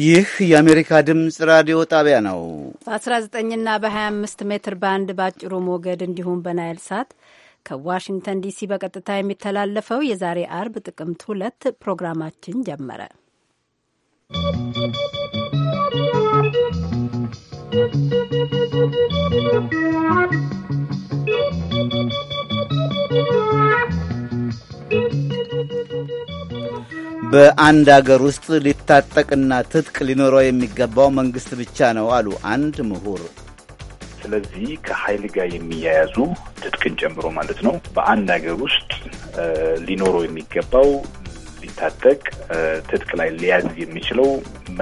ይህ የአሜሪካ ድምፅ ራዲዮ ጣቢያ ነው። በ19ና በ25 ሜትር ባንድ በአጭሩ ሞገድ እንዲሁም በናይል ሳት ከዋሽንግተን ዲሲ በቀጥታ የሚተላለፈው የዛሬ አርብ ጥቅምት ሁለት ፕሮግራማችን ጀመረ። ¶¶ በአንድ አገር ውስጥ ሊታጠቅና ትጥቅ ሊኖረው የሚገባው መንግስት ብቻ ነው አሉ አንድ ምሁር። ስለዚህ ከኃይል ጋር የሚያያዙ ትጥቅን ጨምሮ ማለት ነው በአንድ ሀገር ውስጥ ሊኖረው የሚገባው ሊታጠቅ ትጥቅ ላይ ሊያዝ የሚችለው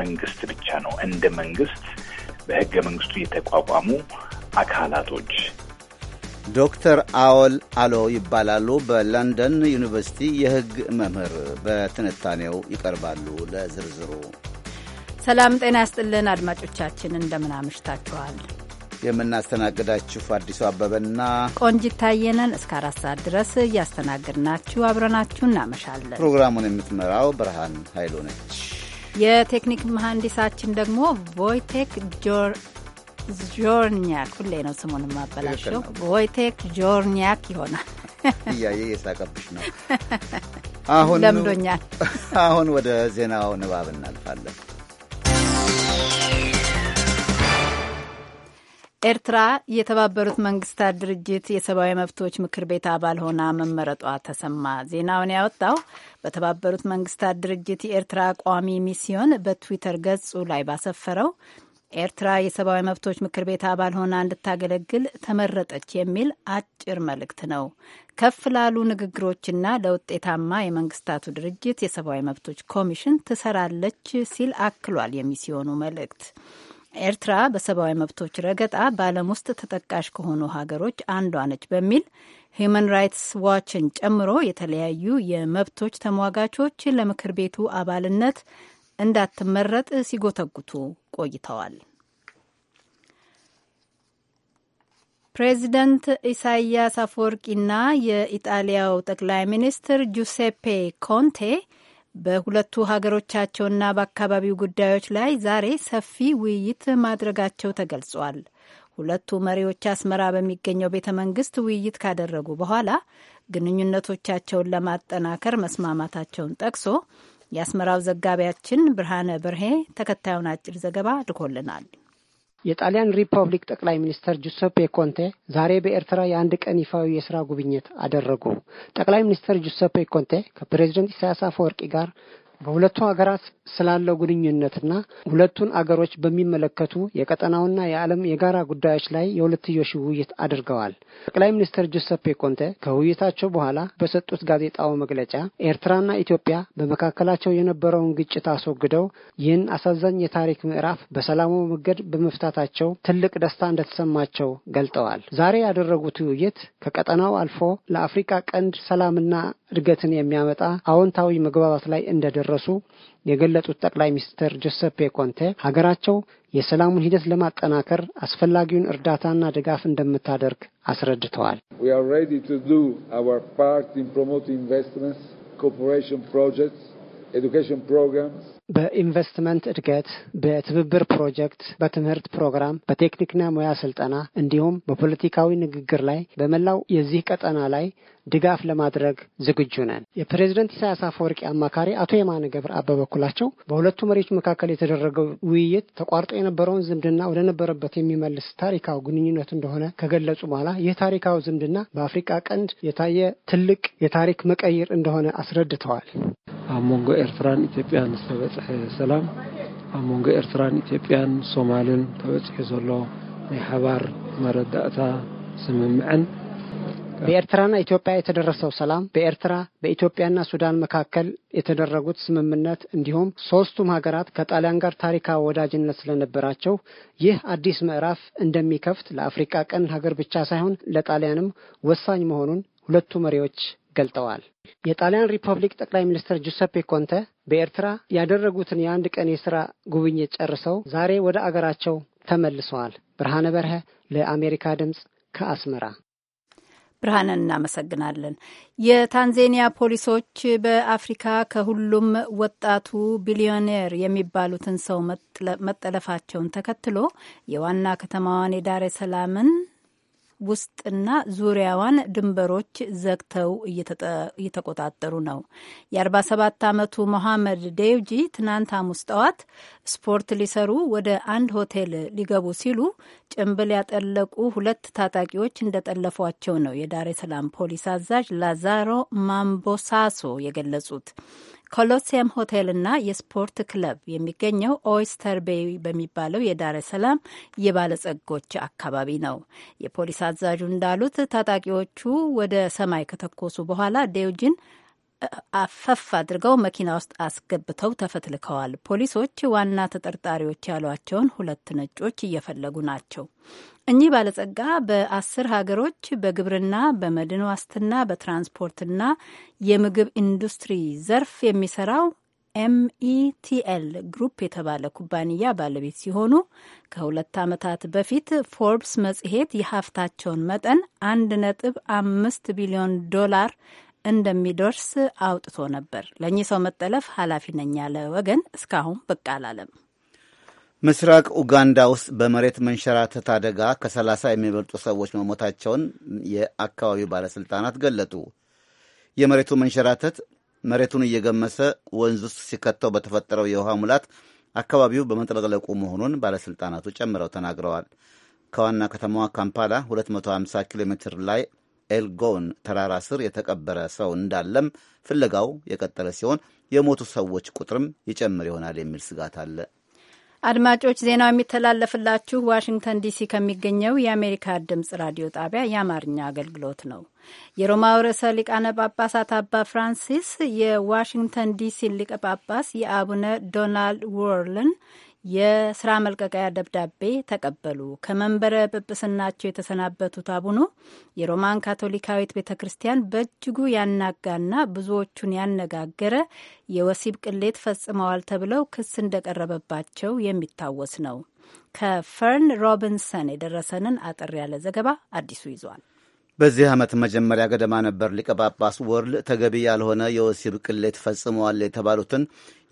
መንግስት ብቻ ነው። እንደ መንግስት በህገ መንግስቱ የተቋቋሙ አካላቶች ዶክተር አወል አሎ ይባላሉ። በለንደን ዩኒቨርሲቲ የሕግ መምህር በትንታኔው ይቀርባሉ። ለዝርዝሩ ሰላም ጤና ያስጥልን አድማጮቻችን፣ እንደምን አምሽታችኋል። የምናስተናግዳችሁ አዲሱ አበበና ቆንጂት ታየነን እስከ አራት ሰዓት ድረስ እያስተናግድናችሁ አብረናችሁ እናመሻለን። ፕሮግራሙን የምትመራው ብርሃን ኃይሉ ነች። የቴክኒክ መሐንዲሳችን ደግሞ ቮይቴክ ጆርኒያክ ሁሌ ነው ስሙን የማበላሸው። ቮይቴክ ጆርኒያክ ይሆናል። እያየ የሳቀብሽ ነው። አሁን ለምዶኛል። አሁን ወደ ዜናው ንባብ እናልፋለን። ኤርትራ የተባበሩት መንግስታት ድርጅት የሰብአዊ መብቶች ምክር ቤት አባል ሆና መመረጧ ተሰማ። ዜናውን ያወጣው በተባበሩት መንግስታት ድርጅት የኤርትራ ቋሚ ሚስዮን በትዊተር ገጹ ላይ ባሰፈረው ኤርትራ የሰብአዊ መብቶች ምክር ቤት አባል ሆና እንድታገለግል ተመረጠች የሚል አጭር መልእክት ነው። ከፍ ላሉ ንግግሮችና ለውጤታማ የመንግስታቱ ድርጅት የሰብአዊ መብቶች ኮሚሽን ትሰራለች ሲል አክሏል የሚሲዮኑ መልእክት። ኤርትራ በሰብአዊ መብቶች ረገጣ በዓለም ውስጥ ተጠቃሽ ከሆኑ ሀገሮች አንዷ ነች በሚል ሂዩማን ራይትስ ዋችን ጨምሮ የተለያዩ የመብቶች ተሟጋቾች ለምክር ቤቱ አባልነት እንዳትመረጥ ሲጎተጉቱ ቆይተዋል። ፕሬዚደንት ኢሳያስ አፈወርቂና የኢጣሊያው ጠቅላይ ሚኒስትር ጁሴፔ ኮንቴ በሁለቱ ሀገሮቻቸውና በአካባቢው ጉዳዮች ላይ ዛሬ ሰፊ ውይይት ማድረጋቸው ተገልጿል። ሁለቱ መሪዎች አስመራ በሚገኘው ቤተ መንግስት ውይይት ካደረጉ በኋላ ግንኙነቶቻቸውን ለማጠናከር መስማማታቸውን ጠቅሶ የአስመራው ዘጋቢያችን ብርሃነ ብርሄ ተከታዩን አጭር ዘገባ ልኮልናል። የጣሊያን ሪፐብሊክ ጠቅላይ ሚኒስትር ጁሴፔ ኮንቴ ዛሬ በኤርትራ የአንድ ቀን ይፋዊ የስራ ጉብኝት አደረጉ። ጠቅላይ ሚኒስትር ጁሴፔ ኮንቴ ከፕሬዚደንት ኢሳያስ አፈወርቂ ጋር በሁለቱ ሀገራት ስላለው ግንኙነትና ሁለቱን አገሮች በሚመለከቱ የቀጠናውና የዓለም የጋራ ጉዳዮች ላይ የሁለትዮሽ ውይይት አድርገዋል። ጠቅላይ ሚኒስትር ጁሰፔ ኮንቴ ከውይይታቸው በኋላ በሰጡት ጋዜጣዊ መግለጫ ኤርትራና ኢትዮጵያ በመካከላቸው የነበረውን ግጭት አስወግደው ይህን አሳዛኝ የታሪክ ምዕራፍ በሰላማዊ መንገድ በመፍታታቸው ትልቅ ደስታ እንደተሰማቸው ገልጠዋል። ዛሬ ያደረጉት ውይይት ከቀጠናው አልፎ ለአፍሪካ ቀንድ ሰላምና እድገትን የሚያመጣ አዎንታዊ መግባባት ላይ እንደደረ እንደደረሱ የገለጹት ጠቅላይ ሚኒስትር ጆሴፔ ኮንቴ ሀገራቸው የሰላሙን ሂደት ለማጠናከር አስፈላጊውን እርዳታና ድጋፍ እንደምታደርግ አስረድተዋል። በኢንቨስትመንት እድገት፣ በትብብር ፕሮጀክት፣ በትምህርት ፕሮግራም፣ በቴክኒክና ሙያ ስልጠና እንዲሁም በፖለቲካዊ ንግግር ላይ በመላው የዚህ ቀጠና ላይ ድጋፍ ለማድረግ ዝግጁ ነን። የፕሬዝደንት ኢሳያስ አፈወርቂ አማካሪ አቶ የማነ ገብረአብ በበኩላቸው በሁለቱ መሪዎች መካከል የተደረገው ውይይት ተቋርጦ የነበረውን ዝምድና ወደ ነበረበት የሚመልስ ታሪካዊ ግንኙነት እንደሆነ ከገለጹ በኋላ ይህ ታሪካዊ ዝምድና በአፍሪካ ቀንድ የታየ ትልቅ የታሪክ መቀይር እንደሆነ አስረድተዋል። አብ ኤርትራን ኢትዮጵያን ዝተበፀ ሰላም ኣብ መንጎ ኤርትራን ኢትዮጵያን ሶማልን ተበፂሑ ዘሎ ናይ ሓባር መረዳእታ ስምምዐን በኤርትራና ኢትዮጵያ የተደረሰው ሰላም በኤርትራ በኢትዮጵያና ሱዳን መካከል የተደረጉት ስምምነት እንዲሁም ሶስቱም ሀገራት ከጣሊያን ጋር ታሪካዊ ወዳጅነት ስለነበራቸው ይህ አዲስ ምዕራፍ እንደሚከፍት ለአፍሪካ ቀን ሀገር ብቻ ሳይሆን ለጣሊያንም ወሳኝ መሆኑን ሁለቱ መሪዎች ገልጠዋል። የጣሊያን ሪፐብሊክ ጠቅላይ ሚኒስትር ጁሰፔ ኮንተ በኤርትራ ያደረጉትን የአንድ ቀን የስራ ጉብኝት ጨርሰው ዛሬ ወደ አገራቸው ተመልሰዋል። ብርሃነ በርሀ ለአሜሪካ ድምፅ ከአስመራ። ብርሃንን እናመሰግናለን። የታንዜኒያ ፖሊሶች በአፍሪካ ከሁሉም ወጣቱ ቢሊዮኔር የሚባሉትን ሰው መጠለፋቸውን ተከትሎ የዋና ከተማዋን የዳሬ ሰላምን ውስጥና ዙሪያዋን ድንበሮች ዘግተው እየተቆጣጠሩ ነው። የ47 ዓመቱ መሐመድ ዴውጂ ትናንት ሐሙስ ጠዋት ስፖርት ሊሰሩ ወደ አንድ ሆቴል ሊገቡ ሲሉ ጭንብል ያጠለቁ ሁለት ታጣቂዎች እንደጠለፏቸው ነው የዳሬ ሰላም ፖሊስ አዛዥ ላዛሮ ማምቦሳሶ የገለጹት። ኮሎሲየም ሆቴልና የስፖርት ክለብ የሚገኘው ኦይስተር ቤይ በሚባለው የዳረ ሰላም የባለጸጎች አካባቢ ነው። የፖሊስ አዛዡ እንዳሉት ታጣቂዎቹ ወደ ሰማይ ከተኮሱ በኋላ ዴውጅን አፈፍ አድርገው መኪና ውስጥ አስገብተው ተፈትልከዋል። ፖሊሶች ዋና ተጠርጣሪዎች ያሏቸውን ሁለት ነጮች እየፈለጉ ናቸው። እኚህ ባለጸጋ በአስር ሀገሮች በግብርና፣ በመድን ዋስትና፣ በትራንስፖርትና የምግብ ኢንዱስትሪ ዘርፍ የሚሰራው ኤምኢቲኤል ግሩፕ የተባለ ኩባንያ ባለቤት ሲሆኑ ከሁለት ዓመታት በፊት ፎርብስ መጽሔት የሀብታቸውን መጠን አንድ ነጥብ አምስት ቢሊዮን ዶላር እንደሚደርስ አውጥቶ ነበር። ለእኚህ ሰው መጠለፍ ኃላፊ ነኝ ያለ ወገን እስካሁን ብቅ አላለም። ምስራቅ ኡጋንዳ ውስጥ በመሬት መንሸራተት አደጋ ከሰላሳ የሚበልጡ ሰዎች መሞታቸውን የአካባቢው ባለሥልጣናት ገለጡ። የመሬቱ መንሸራተት መሬቱን እየገመሰ ወንዝ ውስጥ ሲከተው በተፈጠረው የውሃ ሙላት አካባቢው በመጥለቅለቁ መሆኑን ባለሥልጣናቱ ጨምረው ተናግረዋል። ከዋና ከተማዋ ካምፓላ 250 ኪሎ ሜትር ላይ ኤልጎን ተራራ ስር የተቀበረ ሰው እንዳለም ፍለጋው የቀጠለ ሲሆን የሞቱ ሰዎች ቁጥርም ይጨምር ይሆናል የሚል ስጋት አለ። አድማጮች ዜናው የሚተላለፍላችሁ ዋሽንግተን ዲሲ ከሚገኘው የአሜሪካ ድምጽ ራዲዮ ጣቢያ የአማርኛ አገልግሎት ነው። የሮማው ርዕሰ ሊቃነ ጳጳሳት አባ ፍራንሲስ የዋሽንግተን ዲሲ ሊቀ ጳጳስ የአቡነ ዶናልድ ወርልን የስራ መልቀቂያ ደብዳቤ ተቀበሉ። ከመንበረ ጵጵስናቸው የተሰናበቱት አቡኑ የሮማን ካቶሊካዊት ቤተ ክርስቲያን በእጅጉ ያናጋና ብዙዎቹን ያነጋገረ የወሲብ ቅሌት ፈጽመዋል ተብለው ክስ እንደቀረበባቸው የሚታወስ ነው። ከፈርን ሮቢንሰን የደረሰንን አጠር ያለ ዘገባ አዲሱ ይዟል። በዚህ ዓመት መጀመሪያ ገደማ ነበር ሊቀ ጳጳስ ወርል ተገቢ ያልሆነ የወሲብ ቅሌት ፈጽመዋል የተባሉትን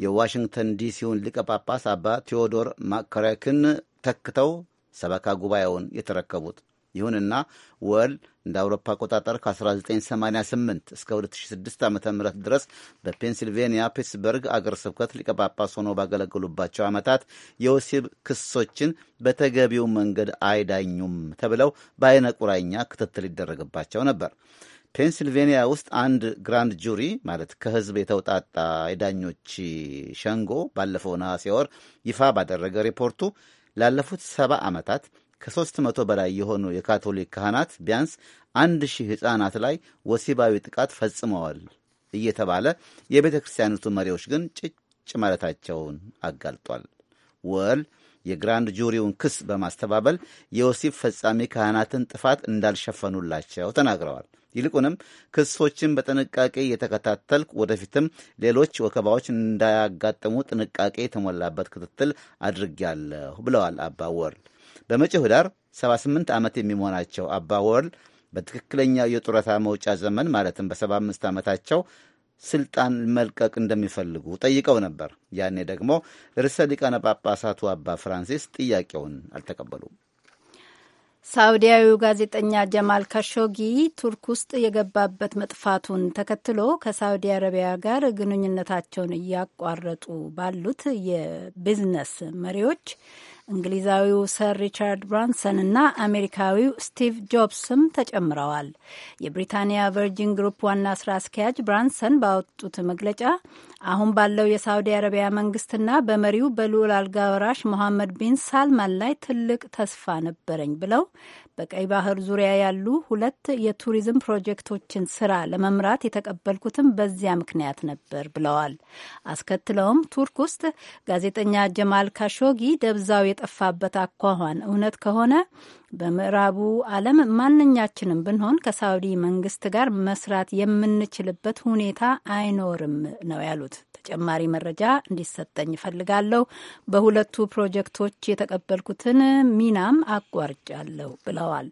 የዋሽንግተን ዲሲውን ሊቀ ጳጳስ አባ ቴዎዶር ማካሪያክን ተክተው ሰበካ ጉባኤውን የተረከቡት። ይሁንና ወል እንደ አውሮፓ አቆጣጠር ከ1988 እስከ 2006 ዓ ም ድረስ በፔንሲልቬንያ ፒትስበርግ አገር ስብከት ሊቀጳጳስ ሆኖ ባገለገሉባቸው ዓመታት የወሲብ ክሶችን በተገቢው መንገድ አይዳኙም ተብለው በአይነ ቁራኛ ክትትል ይደረግባቸው ነበር። ፔንሲልቬንያ ውስጥ አንድ ግራንድ ጁሪ ማለት ከህዝብ የተውጣጣ የዳኞች ሸንጎ ባለፈው ነሐሴ ወር ይፋ ባደረገ ሪፖርቱ ላለፉት ሰባ ዓመታት ከሦስት መቶ በላይ የሆኑ የካቶሊክ ካህናት ቢያንስ አንድ ሺህ ሕፃናት ላይ ወሲባዊ ጥቃት ፈጽመዋል እየተባለ የቤተ ክርስቲያኒቱ መሪዎች ግን ጭጭ ማለታቸውን አጋልጧል። ወል የግራንድ ጁሪውን ክስ በማስተባበል የወሲብ ፈጻሚ ካህናትን ጥፋት እንዳልሸፈኑላቸው ተናግረዋል። ይልቁንም ክሶችን በጥንቃቄ እየተከታተልኩ ወደፊትም ሌሎች ወከባዎች እንዳያጋጥሙ ጥንቃቄ የተሞላበት ክትትል አድርጌያለሁ ብለዋል አባ ወርል በመጪው ህዳር 78 ዓመት የሚሆናቸው አባ ወል በትክክለኛው የጡረታ መውጫ ዘመን ማለትም በ75 ዓመታቸው ስልጣን መልቀቅ እንደሚፈልጉ ጠይቀው ነበር። ያኔ ደግሞ ርዕሰ ሊቃነ ጳጳሳቱ አባ ፍራንሲስ ጥያቄውን አልተቀበሉም። ሳውዲያዊው ጋዜጠኛ ጀማል ካሾጊ ቱርክ ውስጥ የገባበት መጥፋቱን ተከትሎ ከሳውዲ አረቢያ ጋር ግንኙነታቸውን እያቋረጡ ባሉት የቢዝነስ መሪዎች እንግሊዛዊው ሰር ሪቻርድ ብራንሰን እና አሜሪካዊው ስቲቭ ጆብስም ተጨምረዋል። የብሪታንያ ቨርጂን ግሩፕ ዋና ስራ አስኪያጅ ብራንሰን ባወጡት መግለጫ አሁን ባለው የሳውዲ አረቢያ መንግስትና በመሪው በልዑል አልጋ ወራሽ ሞሐመድ ቢን ሳልማን ላይ ትልቅ ተስፋ ነበረኝ ብለው በቀይ ባህር ዙሪያ ያሉ ሁለት የቱሪዝም ፕሮጀክቶችን ስራ ለመምራት የተቀበልኩትም በዚያ ምክንያት ነበር ብለዋል። አስከትለውም ቱርክ ውስጥ ጋዜጠኛ ጀማል ካሾጊ ደብዛው የጠፋበት አኳኋን እውነት ከሆነ በምዕራቡ ዓለም ማንኛችንም ብንሆን ከሳውዲ መንግስት ጋር መስራት የምንችልበት ሁኔታ አይኖርም ነው ያሉት። ተጨማሪ መረጃ እንዲሰጠኝ እፈልጋለሁ። በሁለቱ ፕሮጀክቶች የተቀበልኩትን ሚናም አቋርጫለሁ ብለዋል።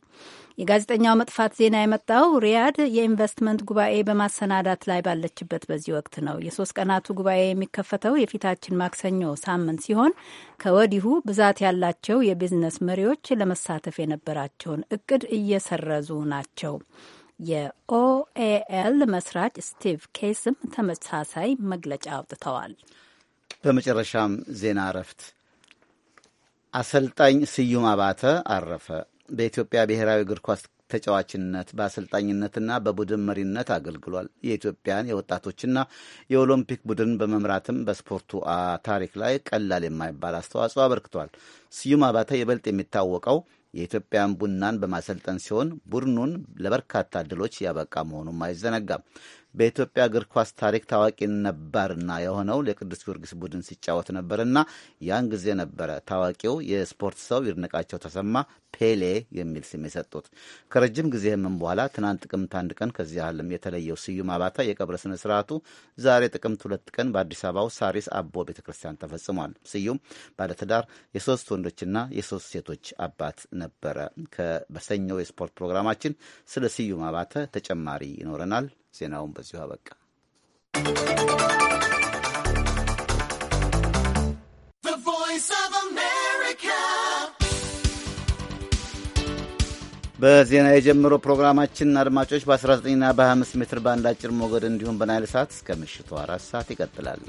የጋዜጠኛው መጥፋት ዜና የመጣው ሪያድ የኢንቨስትመንት ጉባኤ በማሰናዳት ላይ ባለችበት በዚህ ወቅት ነው። የሶስት ቀናቱ ጉባኤ የሚከፈተው የፊታችን ማክሰኞ ሳምንት ሲሆን ከወዲሁ ብዛት ያላቸው የቢዝነስ መሪዎች ለመሳተፍ የነበራቸውን እቅድ እየሰረዙ ናቸው። የኦኤኤል መስራች ስቲቭ ኬስም ተመሳሳይ መግለጫ አውጥተዋል። በመጨረሻም ዜና እረፍት አሰልጣኝ ስዩም አባተ አረፈ። በኢትዮጵያ ብሔራዊ እግር ኳስ ተጫዋችነት በአሰልጣኝነትና በቡድን መሪነት አገልግሏል። የኢትዮጵያን የወጣቶችና የኦሎምፒክ ቡድን በመምራትም በስፖርቱ ታሪክ ላይ ቀላል የማይባል አስተዋጽኦ አበርክቷል። ስዩም አባተ ይበልጥ የሚታወቀው የኢትዮጵያን ቡናን በማሰልጠን ሲሆን ቡድኑን ለበርካታ ድሎች ያበቃ መሆኑም አይዘነጋም። በኢትዮጵያ እግር ኳስ ታሪክ ታዋቂ ነባርና የሆነው ለቅዱስ ጊዮርጊስ ቡድን ሲጫወት ነበርና ያን ጊዜ ነበረ ታዋቂው የስፖርት ሰው ይድነቃቸው ተሰማ ፔሌ የሚል ስም የሰጡት። ከረጅም ጊዜ ህመም በኋላ ትናንት ጥቅምት አንድ ቀን ከዚህ ዓለም የተለየው ስዩም አባተ የቀብረ ስነ ስርዓቱ ዛሬ ጥቅምት ሁለት ቀን በአዲስ አበባው ሳሪስ አቦ ቤተ ክርስቲያን ተፈጽሟል። ስዩም ባለትዳር የሶስት ወንዶችና የሶስት ሴቶች አባት ነበረ። በሰኞው የስፖርት ፕሮግራማችን ስለ ስዩም አባተ ተጨማሪ ይኖረናል። ዜናውን በዚሁ አበቃ። በዜና የጀምሮ ፕሮግራማችን አድማጮች በ19ና በ25 ሜትር ባንድ አጭር ሞገድ እንዲሁም በናይል ሰዓት እስከ ምሽቱ አራት ሰዓት ይቀጥላል።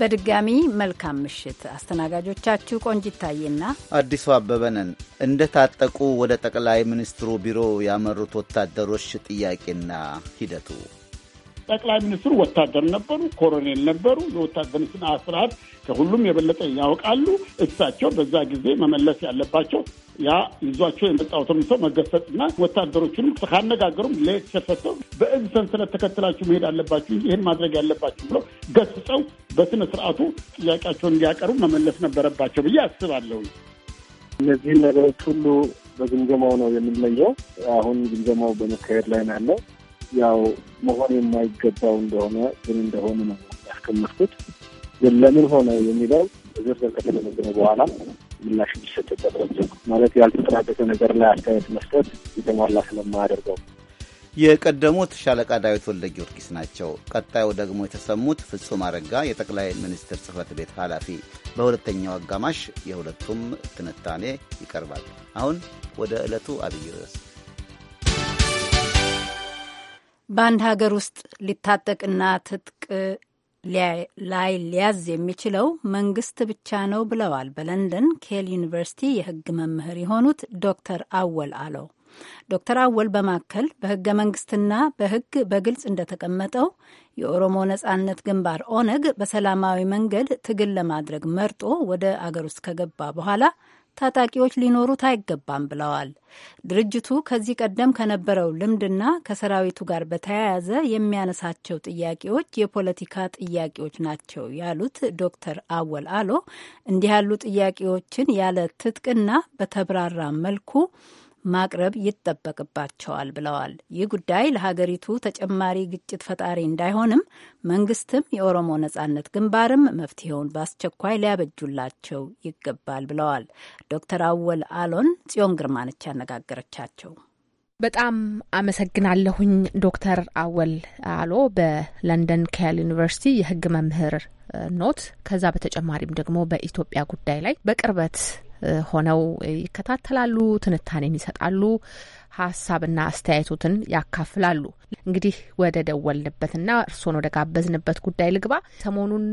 በድጋሚ መልካም ምሽት። አስተናጋጆቻችሁ ቆንጂት ታዬና አዲሱ አበበ ነን። እንደ ታጠቁ ወደ ጠቅላይ ሚኒስትሩ ቢሮ ያመሩት ወታደሮች ጥያቄና ሂደቱ ጠቅላይ ሚኒስትሩ ወታደር ነበሩ፣ ኮሎኔል ነበሩ። የወታደር ስርዓት ከሁሉም የበለጠ ያውቃሉ። እሳቸው በዛ ጊዜ መመለስ ያለባቸው ያ ይዟቸው የመጣሁትም ሰው መገሰጽና ወታደሮቹንም ካነጋገሩም ሌክቸር ሰጥተው በእዝ ሰንሰለት ተከትላችሁ መሄድ አለባችሁ፣ ይህን ማድረግ ያለባችሁ ብለው ገስጸው በስነ ስርዓቱ ጥያቄያቸውን እንዲያቀርቡ መመለስ ነበረባቸው ብዬ አስባለሁ። እነዚህን ነገሮች ሁሉ በግምገማው ነው የምንለየው። አሁን ግምገማው በመካሄድ ላይ ነው ያለው። ያው መሆን የማይገባው እንደሆነ ግን እንደሆነ ነው ያስቀመጥኩት። ግን ለምን ሆነ የሚለው ዝርዝር ከተገመገመ በኋላ ምላሽ እንዲሰጥበት ማለት ያልተጠናቀቀ ነገር ላይ አስተያየት መስጠት የተሟላ ስለማያደርገው የቀደሙት ሻለቃ ዳዊት ወልደ ጊዮርጊስ ናቸው። ቀጣዩ ደግሞ የተሰሙት ፍጹም አረጋ የጠቅላይ ሚኒስትር ጽህፈት ቤት ኃላፊ። በሁለተኛው አጋማሽ የሁለቱም ትንታኔ ይቀርባል። አሁን ወደ ዕለቱ አብይ ርዕስ በአንድ ሀገር ውስጥ ሊታጠቅና ትጥቅ ላይ ሊያዝ የሚችለው መንግስት ብቻ ነው ብለዋል በለንደን ኬል ዩኒቨርሲቲ የህግ መምህር የሆኑት ዶክተር አወል አለው። ዶክተር አወል በማከል በህገ መንግስትና በህግ በግልጽ እንደተቀመጠው የኦሮሞ ነጻነት ግንባር ኦነግ በሰላማዊ መንገድ ትግል ለማድረግ መርጦ ወደ አገር ውስጥ ከገባ በኋላ ታጣቂዎች ሊኖሩት አይገባም ብለዋል። ድርጅቱ ከዚህ ቀደም ከነበረው ልምድና ከሰራዊቱ ጋር በተያያዘ የሚያነሳቸው ጥያቄዎች የፖለቲካ ጥያቄዎች ናቸው ያሉት ዶክተር አወል አሎ እንዲህ ያሉ ጥያቄዎችን ያለ ትጥቅና በተብራራ መልኩ ማቅረብ ይጠበቅባቸዋል ብለዋል። ይህ ጉዳይ ለሀገሪቱ ተጨማሪ ግጭት ፈጣሪ እንዳይሆንም መንግስትም የኦሮሞ ነጻነት ግንባርም መፍትሄውን በአስቸኳይ ሊያበጁላቸው ይገባል ብለዋል። ዶክተር አወል አሎን ጽዮን ግርማነች ያነጋገረቻቸው። በጣም አመሰግናለሁኝ ዶክተር አወል አሎ በለንደን ከያል ዩኒቨርሲቲ የህግ መምህር ኖት። ከዛ በተጨማሪም ደግሞ በኢትዮጵያ ጉዳይ ላይ በቅርበት ሆነው ይከታተላሉ፣ ትንታኔም ይሰጣሉ። ሀሳብና አስተያየቶትን ያካፍላሉ። እንግዲህ ወደ ደወልንበትና እርስዎን ወደ ጋበዝንበት ጉዳይ ልግባ። ሰሞኑን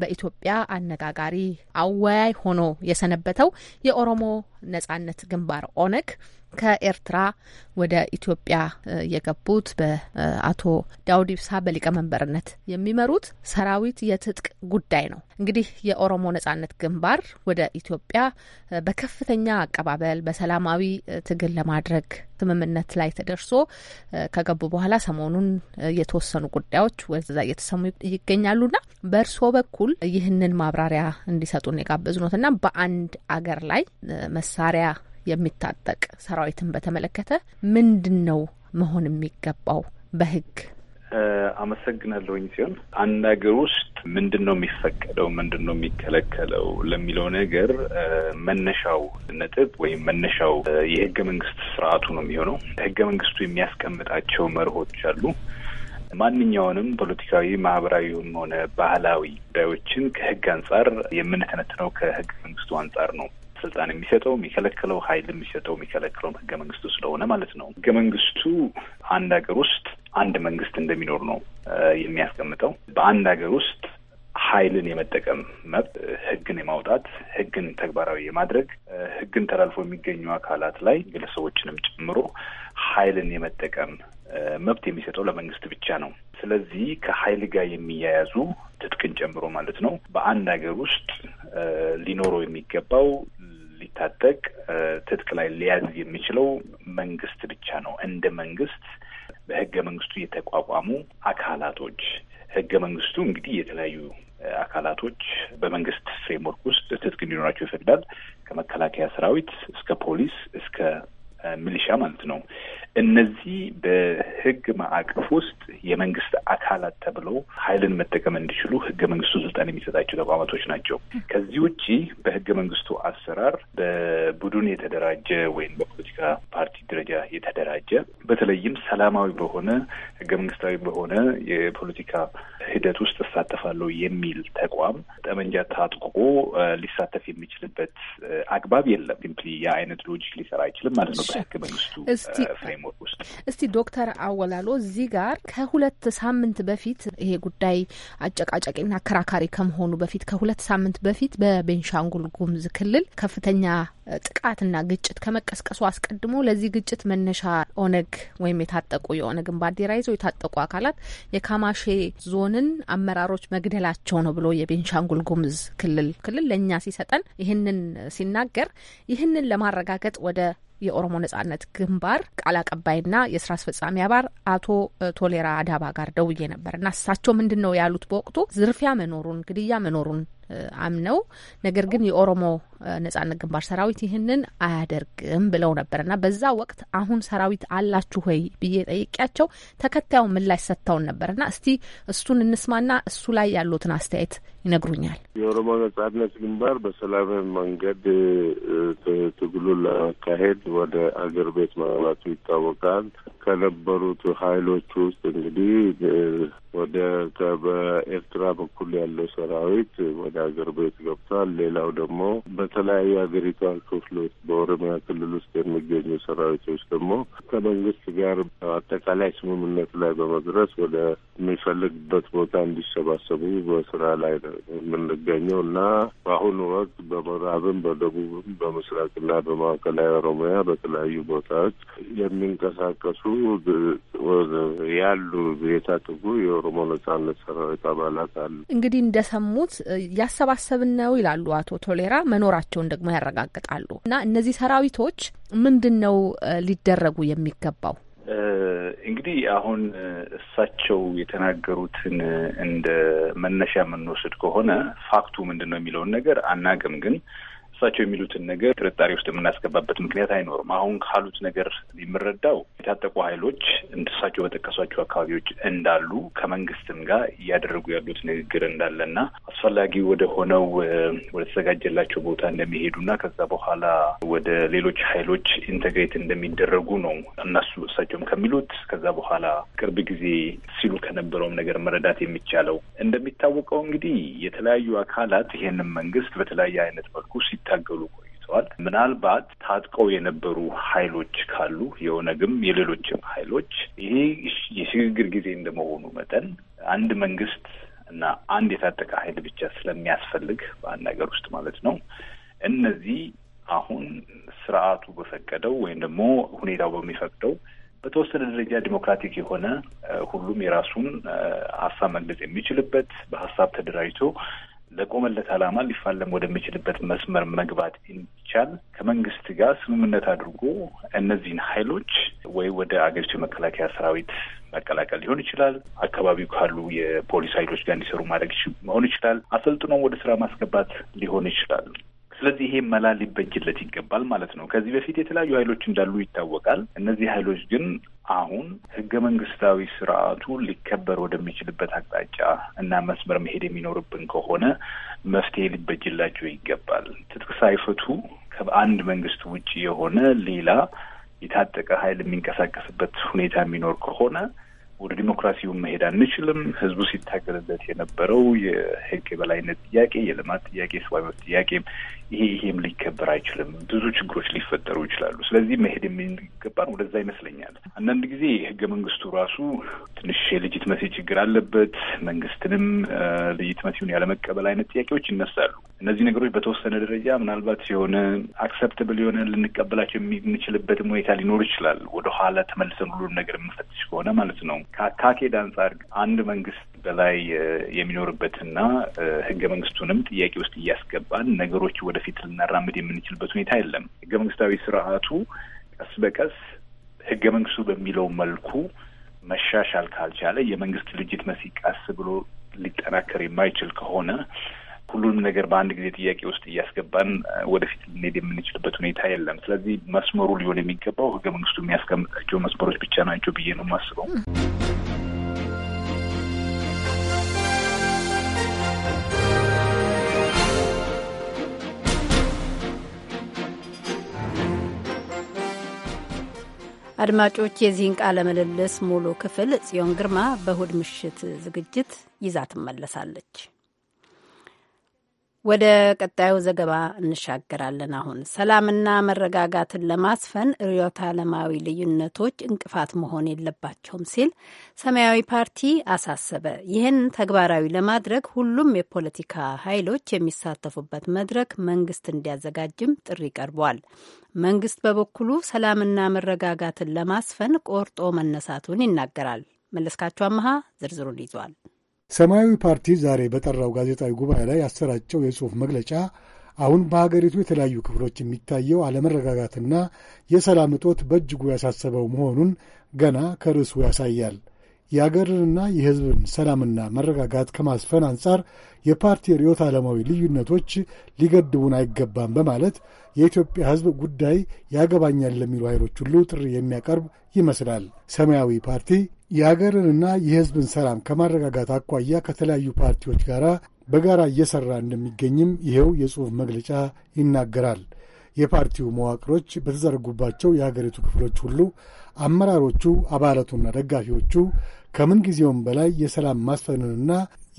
በኢትዮጵያ አነጋጋሪ አወያይ ሆኖ የሰነበተው የኦሮሞ ነጻነት ግንባር ኦነግ ከኤርትራ ወደ ኢትዮጵያ የገቡት በአቶ ዳውድ ኢብሳ በሊቀመንበርነት የሚመሩት ሰራዊት የትጥቅ ጉዳይ ነው። እንግዲህ የኦሮሞ ነጻነት ግንባር ወደ ኢትዮጵያ በከፍተኛ አቀባበል በሰላማዊ ትግል ለማድረግ ስምምነት ላይ ተደርሶ ከገቡ በኋላ ሰሞኑን የተወሰኑ ጉዳዮች ወደዛ እየተሰሙ ና በእርስዎ በኩል ይህንን ማብራሪያ እንዲሰጡን ና በአንድ አገር ላይ መሳሪያ የሚታጠቅ ሰራዊትን በተመለከተ ምንድን ነው መሆን የሚገባው በህግ አመሰግናለሁኝ ሲሆን አንድ ነገር ውስጥ ምንድን ነው የሚፈቀደው ምንድን ነው የሚከለከለው ለሚለው ነገር መነሻው ነጥብ ወይም መነሻው የህገ መንግስት ስርዓቱ ነው የሚሆነው። ህገ መንግስቱ የሚያስቀምጣቸው መርሆች አሉ። ማንኛውንም ፖለቲካዊ፣ ማህበራዊም ሆነ ባህላዊ ጉዳዮችን ከህግ አንጻር የምንተነትነው ከህገ መንግስቱ አንጻር ነው። ስልጣን የሚሰጠው የሚከለክለው ኃይል የሚሰጠው የሚከለክለውም ህገ መንግስቱ ስለሆነ ማለት ነው። ህገ መንግስቱ አንድ ሀገር ውስጥ አንድ መንግስት እንደሚኖር ነው የሚያስቀምጠው። በአንድ ሀገር ውስጥ ኃይልን የመጠቀም መብት፣ ህግን የማውጣት፣ ህግን ተግባራዊ የማድረግ፣ ህግን ተላልፎ የሚገኙ አካላት ላይ ግለሰቦችንም ጨምሮ ኃይልን የመጠቀም መብት የሚሰጠው ለመንግስት ብቻ ነው። ስለዚህ ከኃይል ጋር የሚያያዙ ትጥቅን ጨምሮ ማለት ነው በአንድ ሀገር ውስጥ ሊኖረው የሚገባው ሊታጠቅ ትጥቅ ላይ ሊያዝ የሚችለው መንግስት ብቻ ነው እንደ መንግስት በህገ መንግስቱ የተቋቋሙ አካላቶች ህገ መንግስቱ እንግዲህ የተለያዩ አካላቶች በመንግስት ፍሬምወርክ ውስጥ ትጥቅ እንዲኖራቸው ይፈቅዳል። ከመከላከያ ሰራዊት እስከ ፖሊስ እስከ ሚሊሻ ማለት ነው። እነዚህ በህግ ማዕቀፍ ውስጥ የመንግስት አካላት ተብለው ኃይልን መጠቀም እንዲችሉ ህገ መንግስቱ ስልጣን የሚሰጣቸው ተቋማቶች ናቸው። ከዚህ ውጪ በህገ መንግስቱ አሰራር በቡድን የተደራጀ ወይም በፖለቲካ ፓርቲ ደረጃ የተደራጀ በተለይም ሰላማዊ በሆነ ህገ መንግስታዊ በሆነ የፖለቲካ ሂደት ውስጥ እሳተፋለሁ የሚል ተቋም ጠመንጃ ታጥቆ ሊሳተፍ የሚችልበት አግባብ የለም። ሲምፕሊ የአይነት ሎጂክ ሊሰራ አይችልም ማለት ነው። በህገመንግስቱ ፍሬምወርክ ውስጥ። እስቲ ዶክተር አወላሎ እዚህ ጋር ከሁለት ሳምንት በፊት ይሄ ጉዳይ አጨቃጫቂና አከራካሪ ከመሆኑ በፊት ከሁለት ሳምንት በፊት በቤንሻንጉል ጉሙዝ ክልል ከፍተኛ ጥቃትና ግጭት ከመቀስቀሱ አስቀድሞ ለዚህ ግጭት መነሻ ኦነግ ወይም የታጠቁ የኦነግን ባንዲራ ይዘው የታጠቁ አካላት የካማሼ ዞንን አመራሮች መግደላቸው ነው ብሎ የቤንሻንጉል ጉምዝ ክልል ክልል ለእኛ ሲሰጠን ይህንን ሲናገር ይህንን ለማረጋገጥ ወደ የኦሮሞ ነጻነት ግንባር ቃል አቀባይና የስራ አስፈጻሚ አባር አቶ ቶሌራ አዳባ ጋር ደውዬ ነበር እና እሳቸው ምንድን ነው ያሉት በወቅቱ ዝርፊያ መኖሩን፣ ግድያ መኖሩን አምነው ነገር ግን የኦሮሞ ነጻነት ግንባር ሰራዊት ይህንን አያደርግም ብለው ነበርና በዛ ወቅት አሁን ሰራዊት አላችሁ ወይ ብዬ ጠይቄያቸው ተከታዩ ምላሽ ሰጥተውን ነበርና እስቲ እሱን እንስማና እሱ ላይ ያሉትን አስተያየት ይነግሩኛል። የኦሮሞ ነጻነት ግንባር በሰላማዊ መንገድ ትግሉ ለመካሄድ ወደ አገር ቤት መግባቱ ይታወቃል። ከነበሩት ኃይሎች ውስጥ እንግዲህ ወደ በኤርትራ በኩል ያለው ሰራዊት ወደ ሀገር ቤት ገብቷል። ሌላው ደግሞ በተለያዩ ሀገሪቷ ክፍሎች በኦሮሚያ ክልል ውስጥ የሚገኙ ሰራዊቶች ደግሞ ከመንግስት ጋር አጠቃላይ ስምምነት ላይ በመድረስ ወደ የሚፈልግበት ቦታ እንዲሰባሰቡ በስራ ላይ ነው የምንገኘው እና በአሁኑ ወቅት በምዕራብም በደቡብም በምስራቅና በማዕከላዊ ኦሮሚያ በተለያዩ ቦታዎች የሚንቀሳቀሱ ያሉ የታጠቁ የኦሮሞ ነጻነት ሰራዊት አባላት አሉ። እንግዲህ እንደሰሙት ያሰባሰብን ነው ይላሉ አቶ ቶሌራ፣ መኖራቸውን ደግሞ ያረጋግጣሉ። እና እነዚህ ሰራዊቶች ምንድን ነው ሊደረጉ የሚገባው? እንግዲህ አሁን እሳቸው የተናገሩትን እንደ መነሻ የምንወስድ ከሆነ ፋክቱ ምንድን ነው የሚለውን ነገር አናቅም ግን እሳቸው የሚሉትን ነገር ጥርጣሬ ውስጥ የምናስገባበት ምክንያት አይኖርም። አሁን ካሉት ነገር የምረዳው የታጠቁ ኃይሎች እንድሳቸው በጠቀሷቸው አካባቢዎች እንዳሉ ከመንግስትም ጋር እያደረጉ ያሉት ንግግር እንዳለና አስፈላጊ ወደ ሆነው ወደ ተዘጋጀላቸው ቦታ እንደሚሄዱና ከዛ በኋላ ወደ ሌሎች ኃይሎች ኢንተግሬት እንደሚደረጉ ነው እነሱ እሳቸውም ከሚሉት ከዛ በኋላ ቅርብ ጊዜ ሲሉ ከነበረውም ነገር መረዳት የሚቻለው እንደሚታወቀው እንግዲህ የተለያዩ አካላት ይሄንን መንግስት በተለያየ አይነት መልኩ ሲታገሉ ቆይተዋል። ምናልባት ታጥቀው የነበሩ ኃይሎች ካሉ የኦነግም የሌሎችም ኃይሎች ይሄ የሽግግር ጊዜ እንደመሆኑ መጠን አንድ መንግስት እና አንድ የታጠቀ ኃይል ብቻ ስለሚያስፈልግ በአንድ ሀገር ውስጥ ማለት ነው እነዚህ አሁን ስርዓቱ በፈቀደው ወይም ደግሞ ሁኔታው በሚፈቅደው በተወሰነ ደረጃ ዲሞክራቲክ የሆነ ሁሉም የራሱን ሀሳብ መግለጽ የሚችልበት በሀሳብ ተደራጅቶ ለቆመለት ዓላማ ሊፋለም ወደሚችልበት መስመር መግባት እንዲቻል ከመንግስት ጋር ስምምነት አድርጎ እነዚህን ኃይሎች ወይ ወደ አገሪቱ የመከላከያ ሰራዊት መቀላቀል ሊሆን ይችላል። አካባቢው ካሉ የፖሊስ ኃይሎች ጋር እንዲሰሩ ማድረግ መሆን ይችላል። አሰልጥኖም ወደ ስራ ማስገባት ሊሆን ይችላል። ስለዚህ ይሄ መላ ሊበጅለት ይገባል ማለት ነው። ከዚህ በፊት የተለያዩ ኃይሎች እንዳሉ ይታወቃል። እነዚህ ኃይሎች ግን አሁን ህገ መንግስታዊ ስርዓቱ ሊከበር ወደሚችልበት አቅጣጫ እና መስመር መሄድ የሚኖርብን ከሆነ መፍትሄ ሊበጅላቸው ይገባል። ትጥቅ ሳይፈቱ ከአንድ መንግስት ውጭ የሆነ ሌላ የታጠቀ ኃይል የሚንቀሳቀስበት ሁኔታ የሚኖር ከሆነ ወደ ዲሞክራሲውን መሄድ አንችልም። ህዝቡ ሲታገልለት የነበረው የህግ የበላይነት ጥያቄ፣ የልማት ጥያቄ፣ ሰብአዊ መብት ጥያቄም ይሄ ይሄም ሊከበር አይችልም። ብዙ ችግሮች ሊፈጠሩ ይችላሉ። ስለዚህ መሄድ የሚገባን ወደዛ ይመስለኛል። አንዳንድ ጊዜ ህገ መንግስቱ ራሱ ትንሽ የልጅት መሴ ችግር አለበት። መንግስትንም ልጅት መሲውን ያለመቀበል አይነት ጥያቄዎች ይነሳሉ። እነዚህ ነገሮች በተወሰነ ደረጃ ምናልባት የሆነ አክሰፕተብል የሆነ ልንቀበላቸው የምንችልበትም ሁኔታ ሊኖር ይችላል። ወደኋላ ተመልሰን ሁሉም ነገር የምንፈትሽ ከሆነ ማለት ነው። ከአካቴድ አንጻር አንድ መንግስት በላይ የሚኖርበትና ህገ መንግስቱንም ጥያቄ ውስጥ እያስገባን ነገሮች ወደፊት ልናራምድ የምንችልበት ሁኔታ የለም። ህገ መንግስታዊ ስርዓቱ ቀስ በቀስ ህገ መንግስቱ በሚለው መልኩ መሻሻል ካልቻለ የመንግስት ልጅት መሲ ቀስ ብሎ ሊጠናከር የማይችል ከሆነ ሁሉንም ነገር በአንድ ጊዜ ጥያቄ ውስጥ እያስገባን ወደፊት ልንሄድ የምንችልበት ሁኔታ የለም። ስለዚህ መስመሩ ሊሆን የሚገባው ህገ መንግስቱ የሚያስቀምጣቸው መስመሮች ብቻ ናቸው ብዬ ነው የማስበው። አድማጮች የዚህን ቃለ ምልልስ ሙሉ ክፍል ጽዮን ግርማ በእሁድ ምሽት ዝግጅት ይዛ ትመለሳለች። ወደ ቀጣዩ ዘገባ እንሻገራለን። አሁን ሰላምና መረጋጋትን ለማስፈን ርዕዮተ ዓለማዊ ልዩነቶች እንቅፋት መሆን የለባቸውም ሲል ሰማያዊ ፓርቲ አሳሰበ። ይህን ተግባራዊ ለማድረግ ሁሉም የፖለቲካ ኃይሎች የሚሳተፉበት መድረክ መንግስት እንዲያዘጋጅም ጥሪ ቀርቧል። መንግስት በበኩሉ ሰላምና መረጋጋትን ለማስፈን ቆርጦ መነሳቱን ይናገራል። መለስካቸው አመሃ ዝርዝሩን ይዟል። ሰማያዊ ፓርቲ ዛሬ በጠራው ጋዜጣዊ ጉባኤ ላይ ያሰራጨው የጽሑፍ መግለጫ አሁን በሀገሪቱ የተለያዩ ክፍሎች የሚታየው አለመረጋጋትና የሰላም እጦት በእጅጉ ያሳሰበው መሆኑን ገና ከርዕሱ ያሳያል። የአገርንና የሕዝብን ሰላምና መረጋጋት ከማስፈን አንጻር የፓርቲ ርዕዮተ ዓለማዊ ልዩነቶች ሊገድቡን አይገባም በማለት የኢትዮጵያ ሕዝብ ጉዳይ ያገባኛል ለሚሉ ኃይሎች ሁሉ ጥሪ የሚያቀርብ ይመስላል። ሰማያዊ ፓርቲ የሀገርንና የሕዝብን ሰላም ከማረጋጋት አኳያ ከተለያዩ ፓርቲዎች ጋር በጋራ እየሠራ እንደሚገኝም ይኸው የጽሑፍ መግለጫ ይናገራል። የፓርቲው መዋቅሮች በተዘረጉባቸው የሀገሪቱ ክፍሎች ሁሉ አመራሮቹ፣ አባላቱና ደጋፊዎቹ ከምን ጊዜውም በላይ የሰላም ማስፈንንና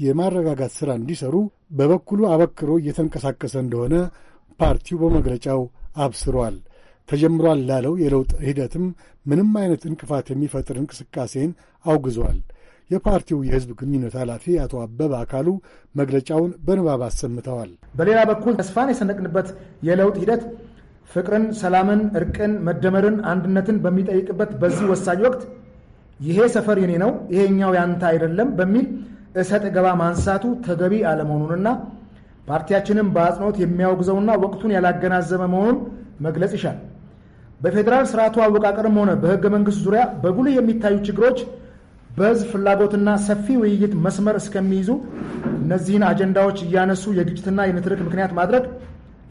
የማረጋጋት ሥራ እንዲሠሩ በበኩሉ አበክሮ እየተንቀሳቀሰ እንደሆነ ፓርቲው በመግለጫው አብስሯል። ተጀምሯል ላለው የለውጥ ሂደትም ምንም አይነት እንቅፋት የሚፈጥር እንቅስቃሴን አውግዟል። የፓርቲው የህዝብ ግንኙነት ኃላፊ አቶ አበበ አካሉ መግለጫውን በንባብ አሰምተዋል። በሌላ በኩል ተስፋን የሰነቅንበት የለውጥ ሂደት ፍቅርን፣ ሰላምን፣ እርቅን፣ መደመርን፣ አንድነትን በሚጠይቅበት በዚህ ወሳኝ ወቅት ይሄ ሰፈር የኔ ነው፣ ይሄኛው ያንተ አይደለም በሚል እሰጥ ገባ ማንሳቱ ተገቢ አለመሆኑንና ፓርቲያችንም በአጽንኦት የሚያወግዘውና ወቅቱን ያላገናዘበ መሆኑን መግለጽ ይሻል። በፌዴራል ስርዓቱ አወቃቀርም ሆነ በህገ መንግስት ዙሪያ በጉልህ የሚታዩ ችግሮች በህዝብ ፍላጎትና ሰፊ ውይይት መስመር እስከሚይዙ እነዚህን አጀንዳዎች እያነሱ የግጭትና የንትርክ ምክንያት ማድረግ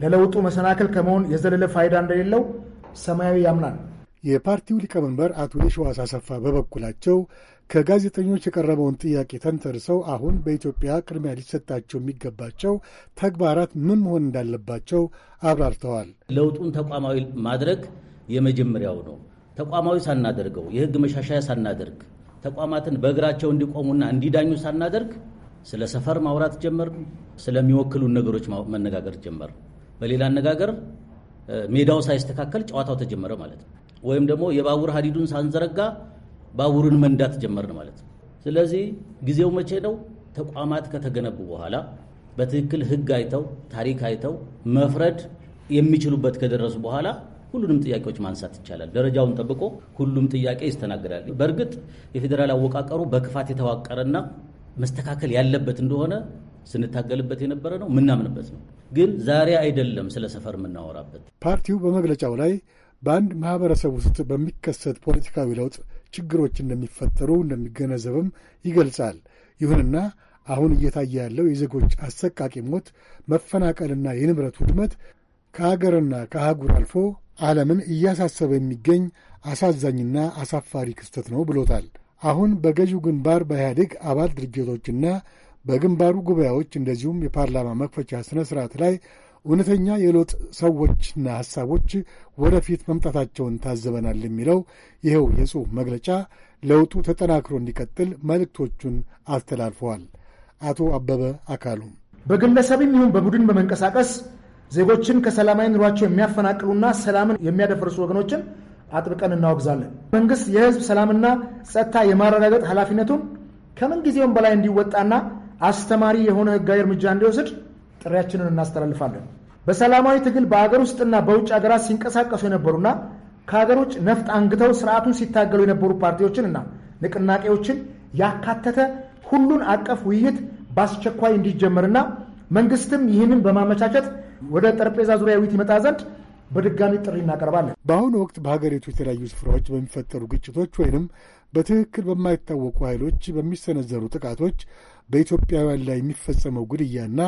ለለውጡ መሰናክል ከመሆን የዘለለ ፋይዳ እንደሌለው ሰማያዊ ያምናል። የፓርቲው ሊቀመንበር አቶ የሸዋስ አሰፋ በበኩላቸው ከጋዜጠኞች የቀረበውን ጥያቄ ተንተርሰው አሁን በኢትዮጵያ ቅድሚያ ሊሰጣቸው የሚገባቸው ተግባራት ምን መሆን እንዳለባቸው አብራርተዋል። ለውጡን ተቋማዊ ማድረግ የመጀመሪያው ነው። ተቋማዊ ሳናደርገው የህግ መሻሻያ ሳናደርግ ተቋማትን በእግራቸው እንዲቆሙና እንዲዳኙ ሳናደርግ ስለ ሰፈር ማውራት ጀመር፣ ስለሚወክሉን ነገሮች መነጋገር ጀመር። በሌላ አነጋገር ሜዳው ሳይስተካከል ጨዋታው ተጀመረ ማለት ነው። ወይም ደግሞ የባቡር ሀዲዱን ሳንዘረጋ ባቡርን መንዳት ጀመርን ማለት ነው። ስለዚህ ጊዜው መቼ ነው? ተቋማት ከተገነቡ በኋላ በትክክል ህግ አይተው ታሪክ አይተው መፍረድ የሚችሉበት ከደረሱ በኋላ ሁሉንም ጥያቄዎች ማንሳት ይቻላል። ደረጃውን ጠብቆ ሁሉም ጥያቄ ይስተናግዳል። በእርግጥ የፌዴራል አወቃቀሩ በክፋት የተዋቀረና መስተካከል ያለበት እንደሆነ ስንታገልበት የነበረ ነው፣ ምናምንበት ነው። ግን ዛሬ አይደለም ስለ ሰፈር የምናወራበት። ፓርቲው በመግለጫው ላይ በአንድ ማህበረሰብ ውስጥ በሚከሰት ፖለቲካዊ ለውጥ ችግሮች እንደሚፈጠሩ እንደሚገነዘብም ይገልጻል። ይሁንና አሁን እየታየ ያለው የዜጎች አሰቃቂ ሞት፣ መፈናቀልና የንብረት ውድመት ከሀገርና ከአህጉር አልፎ ዓለምን እያሳሰበ የሚገኝ አሳዛኝና አሳፋሪ ክስተት ነው ብሎታል። አሁን በገዢው ግንባር በኢህአዴግ አባል ድርጅቶችና በግንባሩ ጉባኤዎች እንደዚሁም የፓርላማ መክፈቻ ሥነ ሥርዓት ላይ እውነተኛ የለውጥ ሰዎችና ሐሳቦች ወደፊት መምጣታቸውን ታዘበናል የሚለው ይኸው የጽሑፍ መግለጫ ለውጡ ተጠናክሮ እንዲቀጥል መልእክቶቹን አስተላልፈዋል። አቶ አበበ አካሉም በግለሰብም ይሁን በቡድን በመንቀሳቀስ ዜጎችን ከሰላማዊ ኑሯቸው የሚያፈናቅሉና ሰላምን የሚያደፈርሱ ወገኖችን አጥብቀን እናወግዛለን። መንግስት የህዝብ ሰላምና ጸጥታ የማረጋገጥ ኃላፊነቱን ከምን ጊዜውም በላይ እንዲወጣና አስተማሪ የሆነ ህጋዊ እርምጃ እንዲወስድ ጥሪያችንን እናስተላልፋለን። በሰላማዊ ትግል በአገር ውስጥና በውጭ ሀገራት ሲንቀሳቀሱ የነበሩና ከሀገር ውጭ ነፍጥ አንግተው ስርዓቱን ሲታገሉ የነበሩ ፓርቲዎችንና ንቅናቄዎችን ያካተተ ሁሉን አቀፍ ውይይት በአስቸኳይ እንዲጀመርና መንግስትም ይህንን በማመቻቸት ወደ ጠረጴዛ ዙሪያ ውይይት ይመጣ ዘንድ በድጋሚ ጥሪ እናቀርባለን። በአሁኑ ወቅት በሀገሪቱ የተለያዩ ስፍራዎች በሚፈጠሩ ግጭቶች ወይንም በትክክል በማይታወቁ ኃይሎች በሚሰነዘሩ ጥቃቶች በኢትዮጵያውያን ላይ የሚፈጸመው ግድያና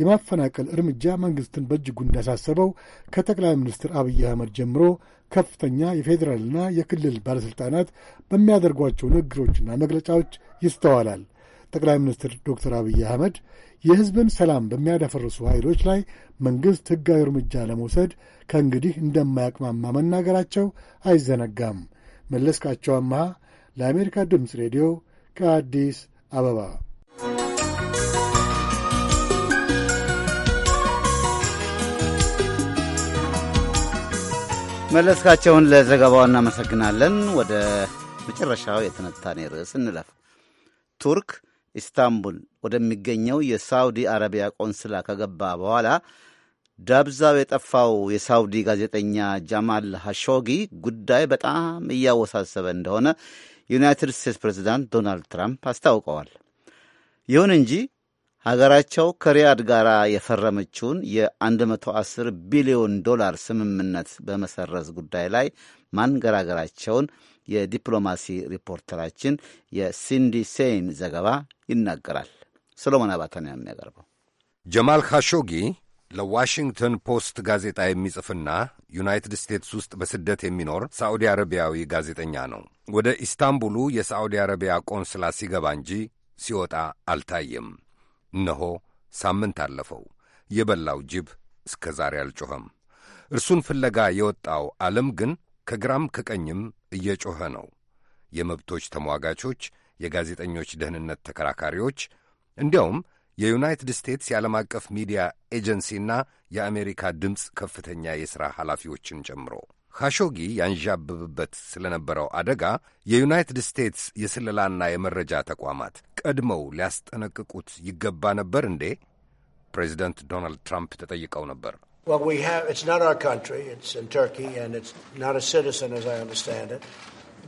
የማፈናቀል እርምጃ መንግስትን በእጅጉ እንዳሳሰበው ከጠቅላይ ሚኒስትር አብይ አህመድ ጀምሮ ከፍተኛ የፌዴራልና የክልል ባለሥልጣናት በሚያደርጓቸው ንግግሮችና መግለጫዎች ይስተዋላል። ጠቅላይ ሚኒስትር ዶክተር አብይ አህመድ የሕዝብን ሰላም በሚያደፈርሱ ኃይሎች ላይ መንግሥት ሕጋዊ እርምጃ ለመውሰድ ከእንግዲህ እንደማያቅማማ መናገራቸው አይዘነጋም። መለስካቸው አመሃ ለአሜሪካ ድምፅ ሬዲዮ ከአዲስ አበባ። መለስካቸውን ለዘገባው እናመሰግናለን። ወደ መጨረሻው የትንታኔ ርዕስ እንለፍ። ቱርክ ኢስታንቡል ወደሚገኘው የሳውዲ አረቢያ ቆንስላ ከገባ በኋላ ዳብዛው የጠፋው የሳውዲ ጋዜጠኛ ጃማል ሐሾጊ ጉዳይ በጣም እያወሳሰበ እንደሆነ ዩናይትድ ስቴትስ ፕሬዚዳንት ዶናልድ ትራምፕ አስታውቀዋል። ይሁን እንጂ ሀገራቸው ከሪያድ ጋር የፈረመችውን የ110 ቢሊዮን ዶላር ስምምነት በመሰረዝ ጉዳይ ላይ ማንገራገራቸውን የዲፕሎማሲ ሪፖርተራችን የሲንዲ ሴይን ዘገባ ይናገራል። ሰሎሞን አባተ ነው የሚያቀርበው። ጀማል ካሾጊ ለዋሽንግተን ፖስት ጋዜጣ የሚጽፍና ዩናይትድ ስቴትስ ውስጥ በስደት የሚኖር ሳዑዲ አረቢያዊ ጋዜጠኛ ነው። ወደ ኢስታንቡሉ የሳዑዲ አረቢያ ቆንስላ ሲገባ እንጂ ሲወጣ አልታየም። እነሆ ሳምንት አለፈው። የበላው ጅብ እስከ ዛሬ አልጮኸም። እርሱን ፍለጋ የወጣው ዓለም ግን ከግራም ከቀኝም እየጮኸ ነው። የመብቶች ተሟጋቾች፣ የጋዜጠኞች ደህንነት ተከራካሪዎች እንዲያውም የዩናይትድ ስቴትስ የዓለም አቀፍ ሚዲያ ኤጀንሲና የአሜሪካ ድምፅ ከፍተኛ የሥራ ኃላፊዎችን ጨምሮ ካሾጊ ያንዣብብበት ስለነበረው አደጋ የዩናይትድ ስቴትስ የስለላና የመረጃ ተቋማት ቀድመው ሊያስጠነቅቁት ይገባ ነበር እንዴ? ፕሬዚደንት ዶናልድ ትራምፕ ተጠይቀው ነበር። Well, we have. It's not our country. It's in Turkey, and it's not a citizen, as I understand it.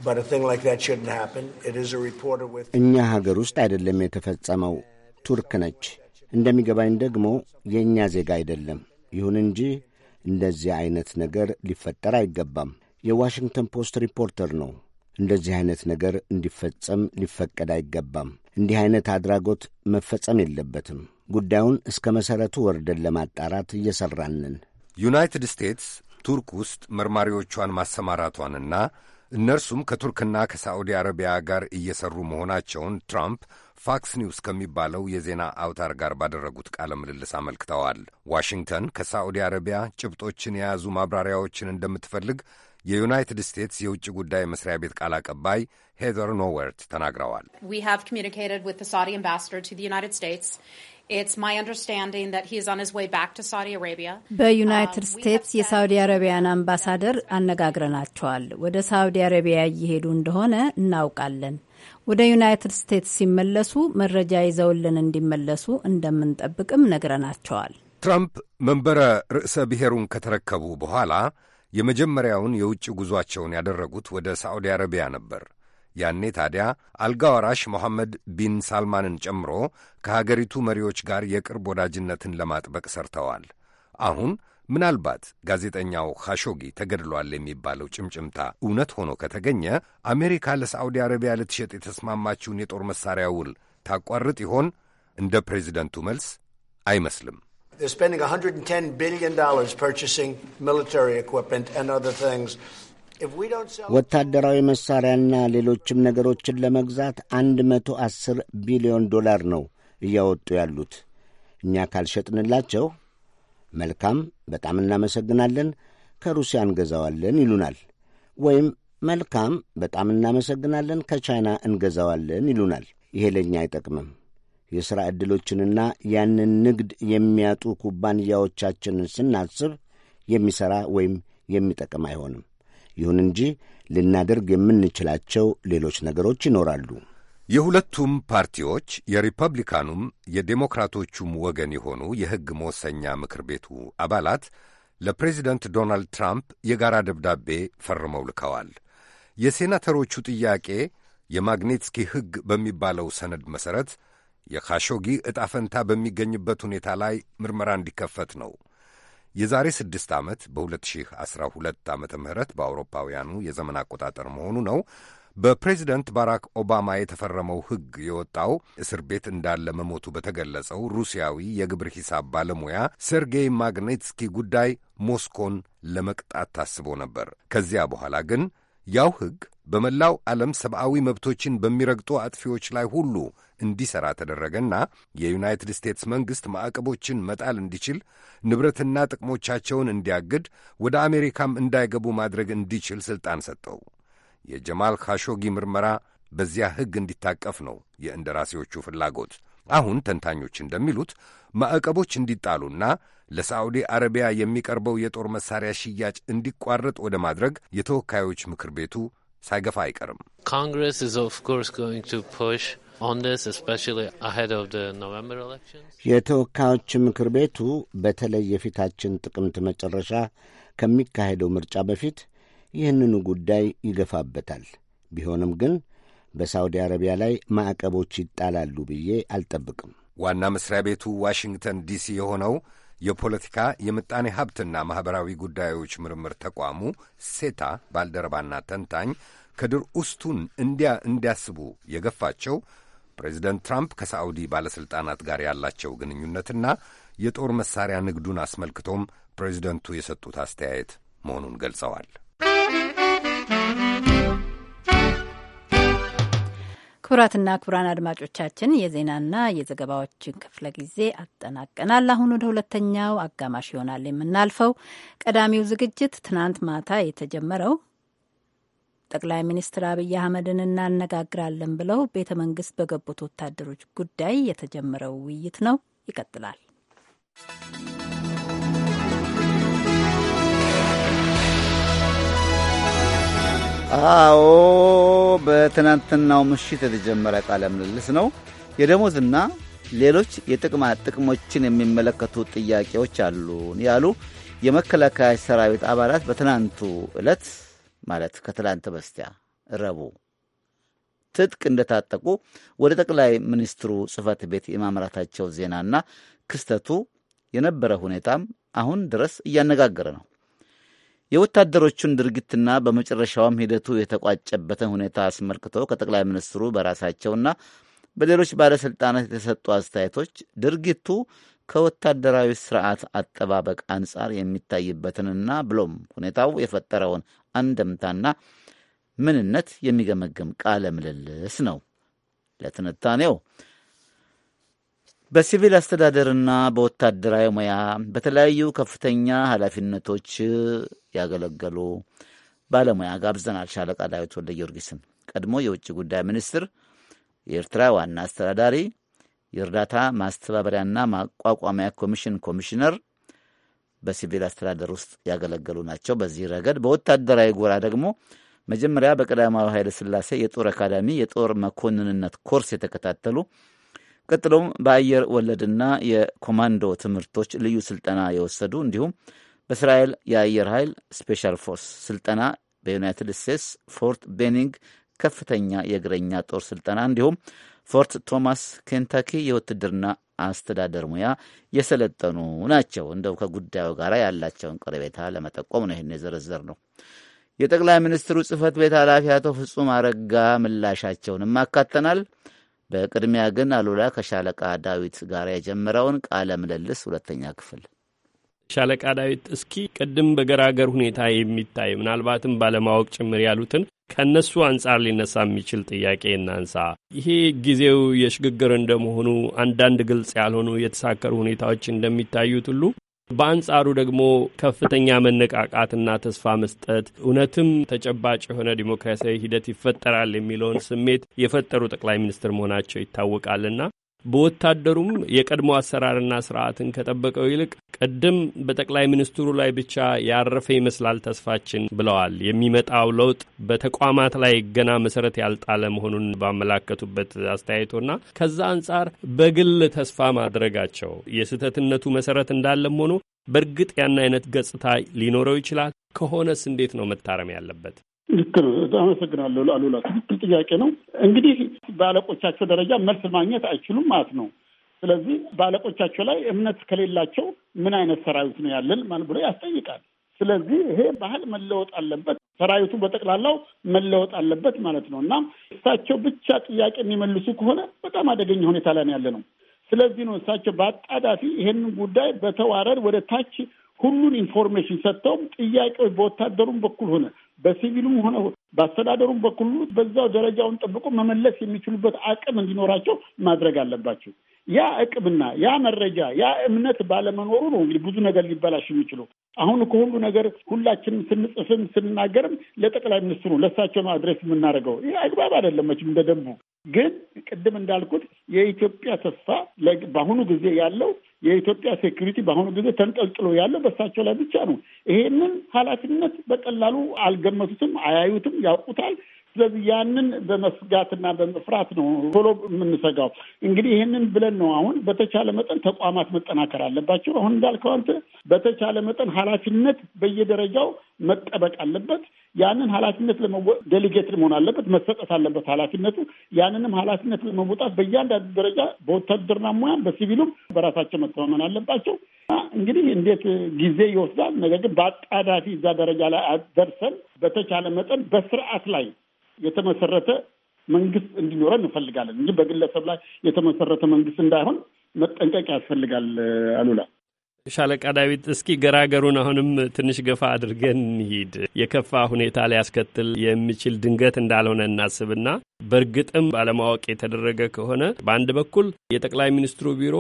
But a thing like that shouldn't happen. It is a reporter with. እኛ ሀገር ውስጥ አይደለም የተፈጸመው። ቱርክ ነች። እንደሚገባኝ ደግሞ የእኛ ዜጋ አይደለም። ይሁን እንጂ እንደዚህ አይነት ነገር ሊፈጠር አይገባም። የዋሽንግተን ፖስት ሪፖርተር ነው እንደዚህ አይነት ነገር እንዲፈጸም ሊፈቀድ አይገባም። እንዲህ አይነት አድራጎት መፈጸም የለበትም። ጉዳዩን እስከ መሠረቱ ወርደን ለማጣራት እየሠራንን ዩናይትድ ስቴትስ ቱርክ ውስጥ መርማሪዎቿን ማሰማራቷንና እነርሱም ከቱርክና ከሳዑዲ አረቢያ ጋር እየሠሩ መሆናቸውን ትራምፕ ፋክስ ኒውስ ከሚባለው የዜና አውታር ጋር ባደረጉት ቃለ ምልልስ አመልክተዋል። ዋሽንግተን ከሳዑዲ አረቢያ ጭብጦችን የያዙ ማብራሪያዎችን እንደምትፈልግ የዩናይትድ ስቴትስ የውጭ ጉዳይ መስሪያ ቤት ቃል አቀባይ ሄዘር ኖዌርት ተናግረዋል። በዩናይትድ um, ስቴትስ የሳውዲ አረቢያን አምባሳደር አነጋግረናቸዋል። ወደ ሳውዲ አረቢያ እየሄዱ እንደሆነ እናውቃለን። ወደ ዩናይትድ ስቴትስ ሲመለሱ መረጃ ይዘውልን እንዲመለሱ እንደምንጠብቅም ነግረናቸዋል። ትራምፕ መንበረ ርዕሰ ብሔሩን ከተረከቡ በኋላ የመጀመሪያውን የውጭ ጉዟቸውን ያደረጉት ወደ ሳዑዲ አረቢያ ነበር። ያኔ ታዲያ አልጋ ወራሽ ሞሐመድ ቢን ሳልማንን ጨምሮ ከሀገሪቱ መሪዎች ጋር የቅርብ ወዳጅነትን ለማጥበቅ ሰርተዋል። አሁን ምናልባት ጋዜጠኛው ካሾጊ ተገድሏል የሚባለው ጭምጭምታ እውነት ሆኖ ከተገኘ አሜሪካ ለሳዑዲ አረቢያ ልትሸጥ የተስማማችውን የጦር መሳሪያ ውል ታቋርጥ ይሆን? እንደ ፕሬዚደንቱ መልስ አይመስልም። They're spending $110 billion purchasing military equipment and other things. ወታደራዊ መሳሪያና ሌሎችም ነገሮችን ለመግዛት 110 ቢሊዮን ዶላር ነው እያወጡ ያሉት። እኛ ካልሸጥንላቸው መልካም፣ በጣም እናመሰግናለን፣ ከሩሲያ እንገዛዋለን ይሉናል። ወይም መልካም፣ በጣም እናመሰግናለን፣ ከቻይና እንገዛዋለን ይሉናል። ይሄ ለእኛ አይጠቅምም። የሥራ ዕድሎችንና ያንን ንግድ የሚያጡ ኩባንያዎቻችንን ስናስብ የሚሠራ ወይም የሚጠቅም አይሆንም። ይሁን እንጂ ልናደርግ የምንችላቸው ሌሎች ነገሮች ይኖራሉ። የሁለቱም ፓርቲዎች የሪፐብሊካኑም የዴሞክራቶቹም ወገን የሆኑ የሕግ መወሰኛ ምክር ቤቱ አባላት ለፕሬዚደንት ዶናልድ ትራምፕ የጋራ ደብዳቤ ፈርመው ልከዋል። የሴናተሮቹ ጥያቄ የማግኔትስኪ ሕግ በሚባለው ሰነድ መሠረት የካሾጊ ዕጣ ፈንታ በሚገኝበት ሁኔታ ላይ ምርመራ እንዲከፈት ነው። የዛሬ ስድስት ዓመት በ2012 ዓ ም በአውሮፓውያኑ የዘመን አቆጣጠር መሆኑ ነው። በፕሬዚደንት ባራክ ኦባማ የተፈረመው ሕግ የወጣው እስር ቤት እንዳለ መሞቱ በተገለጸው ሩሲያዊ የግብር ሂሳብ ባለሙያ ሴርጌይ ማግኔትስኪ ጉዳይ ሞስኮን ለመቅጣት ታስቦ ነበር። ከዚያ በኋላ ግን ያው ሕግ በመላው ዓለም ሰብአዊ መብቶችን በሚረግጡ አጥፊዎች ላይ ሁሉ እንዲሠራ ተደረገና የዩናይትድ ስቴትስ መንግሥት ማዕቀቦችን መጣል እንዲችል ንብረትና ጥቅሞቻቸውን እንዲያግድ ወደ አሜሪካም እንዳይገቡ ማድረግ እንዲችል ሥልጣን ሰጠው። የጀማል ካሾጊ ምርመራ በዚያ ሕግ እንዲታቀፍ ነው የእንደራሴዎቹ ፍላጎት። አሁን ተንታኞች እንደሚሉት ማዕቀቦች እንዲጣሉና ለሳዑዲ አረቢያ የሚቀርበው የጦር መሳሪያ ሽያጭ እንዲቋረጥ ወደ ማድረግ የተወካዮች ምክር ቤቱ ሳይገፋ አይቀርም። የተወካዮች ምክር ቤቱ በተለይ የፊታችን ጥቅምት መጨረሻ ከሚካሄደው ምርጫ በፊት ይህንኑ ጉዳይ ይገፋበታል። ቢሆንም ግን በሳውዲ አረቢያ ላይ ማዕቀቦች ይጣላሉ ብዬ አልጠብቅም። ዋና መስሪያ ቤቱ ዋሽንግተን ዲሲ የሆነው የፖለቲካ የምጣኔ ሀብትና ማኅበራዊ ጉዳዮች ምርምር ተቋሙ ሴታ ባልደረባና ተንታኝ ከድር ውስቱን እንዲያ እንዲያስቡ የገፋቸው ፕሬዚደንት ትራምፕ ከሳዑዲ ባለሥልጣናት ጋር ያላቸው ግንኙነትና የጦር መሣሪያ ንግዱን አስመልክቶም ፕሬዚደንቱ የሰጡት አስተያየት መሆኑን ገልጸዋል። ክቡራትና ክቡራን አድማጮቻችን የዜናና የዘገባዎችን ክፍለ ጊዜ አጠናቀናል። አሁን ወደ ሁለተኛው አጋማሽ ይሆናል የምናልፈው። ቀዳሚው ዝግጅት ትናንት ማታ የተጀመረው ጠቅላይ ሚኒስትር አብይ አህመድን እናነጋግራለን ብለው ቤተ መንግስት በገቡት ወታደሮች ጉዳይ የተጀመረው ውይይት ነው። ይቀጥላል። አዎ በትናንትናው ምሽት የተጀመረ ቃለ ምልልስ ነው። የደሞዝና ሌሎች የጥቅማ ጥቅሞችን የሚመለከቱ ጥያቄዎች አሉ ያሉ የመከላከያ ሰራዊት አባላት በትናንቱ ዕለት ማለት ከትላንት በስቲያ ረቡ ትጥቅ እንደታጠቁ ወደ ጠቅላይ ሚኒስትሩ ጽህፈት ቤት የማምራታቸው ዜናና ክስተቱ የነበረ ሁኔታም አሁን ድረስ እያነጋገረ ነው። የወታደሮቹን ድርጊትና በመጨረሻውም ሂደቱ የተቋጨበትን ሁኔታ አስመልክቶ ከጠቅላይ ሚኒስትሩ በራሳቸውና በሌሎች ባለሥልጣናት የተሰጡ አስተያየቶች ድርጊቱ ከወታደራዊ ስርዓት አጠባበቅ አንጻር የሚታይበትንና ብሎም ሁኔታው የፈጠረውን አንደምታና ምንነት የሚገመግም ቃለ ምልልስ ነው። ለትንታኔው በሲቪል አስተዳደርና በወታደራዊ ሙያ በተለያዩ ከፍተኛ ኃላፊነቶች ያገለገሉ ባለሙያ ጋብዘናል። ሻለቃ ዳዊት ወልደ ጊዮርጊስን ቀድሞ የውጭ ጉዳይ ሚኒስትር፣ የኤርትራ ዋና አስተዳዳሪ፣ የእርዳታ ማስተባበሪያና ማቋቋሚያ ኮሚሽን ኮሚሽነር በሲቪል አስተዳደር ውስጥ ያገለገሉ ናቸው። በዚህ ረገድ በወታደራዊ ጎራ ደግሞ መጀመሪያ በቀዳማዊ ኃይለ ሥላሴ የጦር አካዳሚ የጦር መኮንንነት ኮርስ የተከታተሉ ቀጥሎም በአየር ወለድና የኮማንዶ ትምህርቶች ልዩ ስልጠና የወሰዱ እንዲሁም በእስራኤል የአየር ኃይል ስፔሻል ፎርስ ስልጠና በዩናይትድ ስቴትስ ፎርት ቤኒንግ ከፍተኛ የእግረኛ ጦር ስልጠና እንዲሁም ፎርት ቶማስ ኬንታኪ የውትድርና አስተዳደር ሙያ የሰለጠኑ ናቸው። እንደው ከጉዳዩ ጋር ያላቸውን ቅርቤታ ለመጠቆም ነው ይህን የዘረዘር ነው። የጠቅላይ ሚኒስትሩ ጽህፈት ቤት ኃላፊ አቶ ፍጹም አረጋ ምላሻቸውንም አካተናል። በቅድሚያ ግን አሉላ ከሻለቃ ዳዊት ጋር የጀመረውን ቃለ ምልልስ ሁለተኛ ክፍል ሻለቃ ዳዊት እስኪ ቅድም በገራገር ሁኔታ የሚታይ ምናልባትም ባለማወቅ ጭምር ያሉትን ከእነሱ አንጻር ሊነሳ የሚችል ጥያቄ እናንሳ። ይሄ ጊዜው የሽግግር እንደመሆኑ አንዳንድ ግልጽ ያልሆኑ የተሳከሩ ሁኔታዎች እንደሚታዩት ሁሉ በአንጻሩ ደግሞ ከፍተኛ መነቃቃትና ተስፋ መስጠት እውነትም ተጨባጭ የሆነ ዲሞክራሲያዊ ሂደት ይፈጠራል የሚለውን ስሜት የፈጠሩ ጠቅላይ ሚኒስትር መሆናቸው ይታወቃልና በወታደሩም የቀድሞ አሰራርና ስርዓትን ከጠበቀው ይልቅ ቅድም በጠቅላይ ሚኒስትሩ ላይ ብቻ ያረፈ ይመስላል ተስፋችን ብለዋል። የሚመጣው ለውጥ በተቋማት ላይ ገና መሰረት ያልጣለ መሆኑን ባመላከቱበት አስተያየቶና ከዛ አንጻር በግል ተስፋ ማድረጋቸው የስህተትነቱ መሰረት እንዳለም ሆኖ በእርግጥ ያን አይነት ገጽታ ሊኖረው ይችላል። ከሆነስ እንዴት ነው መታረም ያለበት? ልክ ነው። አመሰግናለሁ አሉላ። ትክክል ጥያቄ ነው። እንግዲህ በአለቆቻቸው ደረጃ መልስ ማግኘት አይችሉም ማለት ነው። ስለዚህ በአለቆቻቸው ላይ እምነት ከሌላቸው ምን አይነት ሰራዊት ነው ያለን ማለት ብሎ ያስጠይቃል። ስለዚህ ይሄ ባህል መለወጥ አለበት፣ ሰራዊቱ በጠቅላላው መለወጥ አለበት ማለት ነው እና እሳቸው ብቻ ጥያቄ የሚመልሱ ከሆነ በጣም አደገኛ ሁኔታ ላይ ያለ ነው። ስለዚህ ነው እሳቸው በአጣዳፊ ይሄንን ጉዳይ በተዋረድ ወደ ታች ሁሉን ኢንፎርሜሽን ሰጥተውም ጥያቄዎች በወታደሩም በኩል ሆነ በሲቪሉም ሆነ በአስተዳደሩም በኩል በዛው ደረጃውን ጠብቆ መመለስ የሚችሉበት አቅም እንዲኖራቸው ማድረግ አለባቸው። ያ አቅምና ያ መረጃ ያ እምነት ባለመኖሩ ነው እንግዲህ ብዙ ነገር ሊበላሽ የሚችሉ። አሁን ከሁሉ ነገር ሁላችንም ስንጽፍም ስንናገርም ለጠቅላይ ሚኒስትሩ ለእሳቸው አድሬስ የምናደርገው ይህ አግባብ አይደለም። መቼም እንደ ደንቡ ግን ቅድም እንዳልኩት የኢትዮጵያ ተስፋ በአሁኑ ጊዜ ያለው የኢትዮጵያ ሴኩሪቲ በአሁኑ ጊዜ ተንጠልጥሎ ያለው በእሳቸው ላይ ብቻ ነው። ይሄንን ኃላፊነት በቀላሉ አልገመቱትም፣ አያዩትም፣ ያውቁታል። ስለዚህ ያንን በመስጋትና በመፍራት ነው ቶሎ የምንሰጋው። እንግዲህ ይህንን ብለን ነው አሁን በተቻለ መጠን ተቋማት መጠናከር አለባቸው። አሁን እንዳልከው አንተ በተቻለ መጠን ኃላፊነት በየደረጃው መጠበቅ አለበት። ያንን ኃላፊነት ለመወ ዴሊጌት መሆን አለበት፣ መሰጠት አለበት ኃላፊነቱ። ያንንም ኃላፊነት ለመወጣት በእያንዳንዱ ደረጃ በወታደርና ሙያ በሲቪሉም በራሳቸው መተማመን አለባቸው። እንግዲህ እንዴት ጊዜ ይወስዳል። ነገር ግን በአጣዳፊ እዛ ደረጃ ላይ ደርሰን በተቻለ መጠን በስርዓት ላይ የተመሰረተ መንግስት እንዲኖረን እንፈልጋለን እንጂ በግለሰብ ላይ የተመሰረተ መንግስት እንዳይሆን መጠንቀቅ ያስፈልጋል። አሉላ ሻለቃ ዳዊት፣ እስኪ ገራገሩን አሁንም ትንሽ ገፋ አድርገን እንሂድ። የከፋ ሁኔታ ሊያስከትል የሚችል ድንገት እንዳልሆነ እናስብና በእርግጥም ባለማወቅ የተደረገ ከሆነ በአንድ በኩል የጠቅላይ ሚኒስትሩ ቢሮ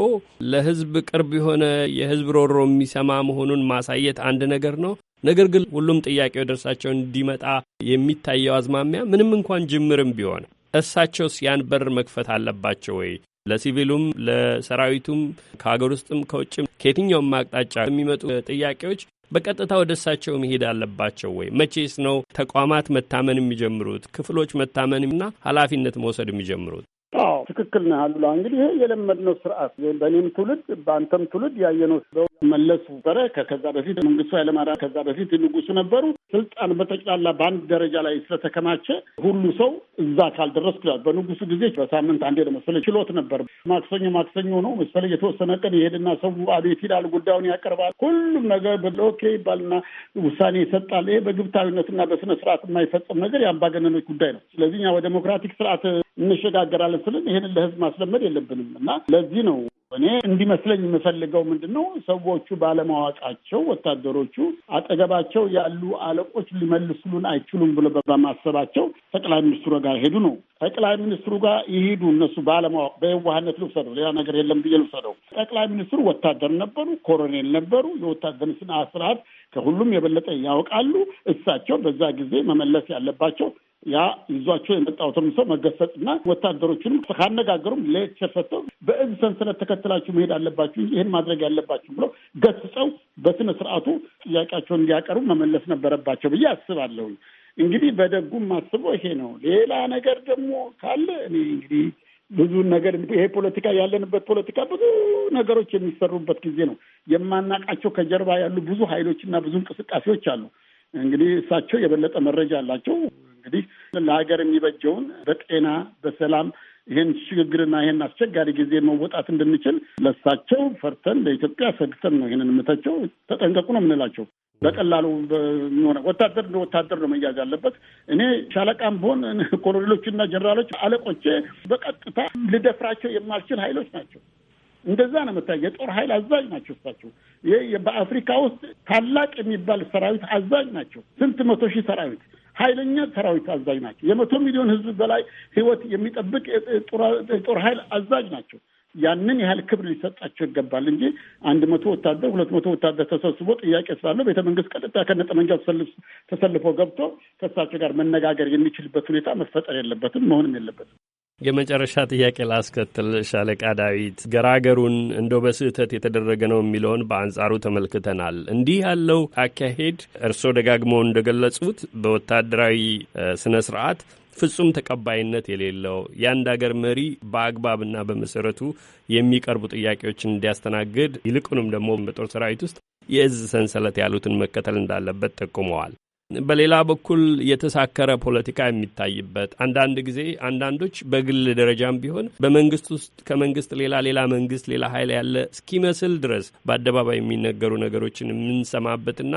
ለህዝብ ቅርብ የሆነ የህዝብ ሮሮ የሚሰማ መሆኑን ማሳየት አንድ ነገር ነው። ነገር ግን ሁሉም ጥያቄ ወደርሳቸው እንዲመጣ የሚታየው አዝማሚያ ምንም እንኳን ጅምርም ቢሆን እሳቸውስ ያን በር መክፈት አለባቸው ወይ? ለሲቪሉም ለሰራዊቱም ከሀገር ውስጥም ከውጭም ከየትኛውም አቅጣጫ የሚመጡ ጥያቄዎች በቀጥታ ወደ እሳቸው መሄድ አለባቸው ወይ? መቼስ ነው ተቋማት መታመን የሚጀምሩት? ክፍሎች መታመንና ኃላፊነት መውሰድ የሚጀምሩት? አዎ ትክክል ነህ አሉላ። እንግዲህ ይሄ የለመድነው ስርዓት በእኔም ትውልድ በአንተም ትውልድ ያየነው መለስ ነበረ። ከከዛ በፊት መንግስቱ ኃይለማርያም፣ ከዛ በፊት ንጉሱ ነበሩ። ስልጣን በጠቅላላ በአንድ ደረጃ ላይ ስለተከማቸ ሁሉ ሰው እዛ ካልደረስ ክላል በንጉሱ ጊዜ በሳምንት አንዴ ነው ችሎት ነበር። ማክሰኞ ማክሰኞ ነው መሰለኝ። የተወሰነ ቀን ይሄድና ሰው አቤት ይላል፣ ጉዳዩን ያቀርባል። ሁሉም ነገር ኦኬ ይባልና ውሳኔ ይሰጣል። ይሄ በግብታዊነትና በስነ ስርዓት የማይፈጸም ነገር የአምባገነኖች ጉዳይ ነው። ስለዚህ ወደ ዴሞክራቲክ ስርዓት እንሸጋገራለን ስልን ይህንን ለህዝብ ማስለመድ የለብንም እና ለዚህ ነው እኔ እንዲመስለኝ የምፈልገው ምንድን ነው ሰዎቹ ባለማወቃቸው ወታደሮቹ አጠገባቸው ያሉ አለቆች ሊመልስሉን አይችሉም ብሎ በማሰባቸው ጠቅላይ ሚኒስትሩ ጋር ሄዱ ነው። ጠቅላይ ሚኒስትሩ ጋር ይሄዱ እነሱ ባለማወቅ በየዋህነት ልውሰደው፣ ሌላ ነገር የለም ብዬ ልውሰደው። ጠቅላይ ሚኒስትሩ ወታደር ነበሩ፣ ኮሎኔል ነበሩ። የወታደር ስነ ስርዓት ከሁሉም የበለጠ ያውቃሉ። እሳቸው በዛ ጊዜ መመለስ ያለባቸው ያ ይዟቸው የመጣው ሰው መገሰጽና ወታደሮችንም ካነጋገሩም ለየት ሰጥተው በእዝ ሰንሰለት ተከትላችሁ መሄድ አለባችሁ እንጂ ይህን ማድረግ ያለባችሁ ብለው ገስጸው በስነ ስርዓቱ ጥያቄያቸውን እንዲያቀርቡ መመለስ ነበረባቸው ብዬ አስባለሁ። እንግዲህ በደጉም ማስበ ይሄ ነው። ሌላ ነገር ደግሞ ካለ እኔ እንግዲህ ብዙ ነገር ይሄ ፖለቲካ ያለንበት ፖለቲካ ብዙ ነገሮች የሚሰሩበት ጊዜ ነው። የማናቃቸው ከጀርባ ያሉ ብዙ ኃይሎች እና ብዙ እንቅስቃሴዎች አሉ። እንግዲህ እሳቸው የበለጠ መረጃ አላቸው። እንግዲህ ለሀገር የሚበጀውን በጤና በሰላም ይህን ሽግግርና ይህን አስቸጋሪ ጊዜ መወጣት እንድንችል ለሳቸው ፈርተን ለኢትዮጵያ ሰግተን ነው ይህንን የምተቸው። ተጠንቀቁ ነው የምንላቸው። በቀላሉ ሆነ ወታደር እንደ ወታደር ነው መያዝ ያለበት። እኔ ሻለቃም ብሆን ኮሎኔሎችና ጀኔራሎች አለቆቼ በቀጥታ ልደፍራቸው የማልችል ኃይሎች ናቸው። እንደዛ ነው የምታ የጦር ኃይል አዛዥ ናቸው እሳቸው። በአፍሪካ ውስጥ ታላቅ የሚባል ሰራዊት አዛዥ ናቸው። ስንት መቶ ሺህ ሰራዊት ኃይለኛ ሰራዊት አዛዥ ናቸው። የመቶ ሚሊዮን ህዝብ በላይ ህይወት የሚጠብቅ የጦር ኃይል አዛዥ ናቸው። ያንን ያህል ክብር ሊሰጣቸው ይገባል እንጂ አንድ መቶ ወታደር ሁለት መቶ ወታደር ተሰብስቦ ጥያቄ ስላለው ቤተ መንግስት ቀጥታ ከነጠመንጃው ተሰልፎ ገብቶ ከእሳቸው ጋር መነጋገር የሚችልበት ሁኔታ መፈጠር የለበትም፣ መሆንም የለበትም። የመጨረሻ ጥያቄ ላስከትል። ሻለቃ ዳዊት ገራገሩን እንደው በስህተት የተደረገ ነው የሚለውን በአንጻሩ ተመልክተናል። እንዲህ ያለው አካሄድ እርስዎ ደጋግመው እንደገለጹት በወታደራዊ ስነ ስርዓት ፍጹም ተቀባይነት የሌለው የአንድ አገር መሪ በአግባብና በመሰረቱ የሚቀርቡ ጥያቄዎችን እንዲያስተናግድ ይልቁንም ደግሞ በጦር ሰራዊት ውስጥ የእዝ ሰንሰለት ያሉትን መከተል እንዳለበት ጠቁመዋል። በሌላ በኩል የተሳከረ ፖለቲካ የሚታይበት አንዳንድ ጊዜ አንዳንዶች በግል ደረጃም ቢሆን በመንግስት ውስጥ ከመንግስት ሌላ ሌላ መንግስት ሌላ ኃይል ያለ እስኪመስል ድረስ በአደባባይ የሚነገሩ ነገሮችን የምንሰማበትና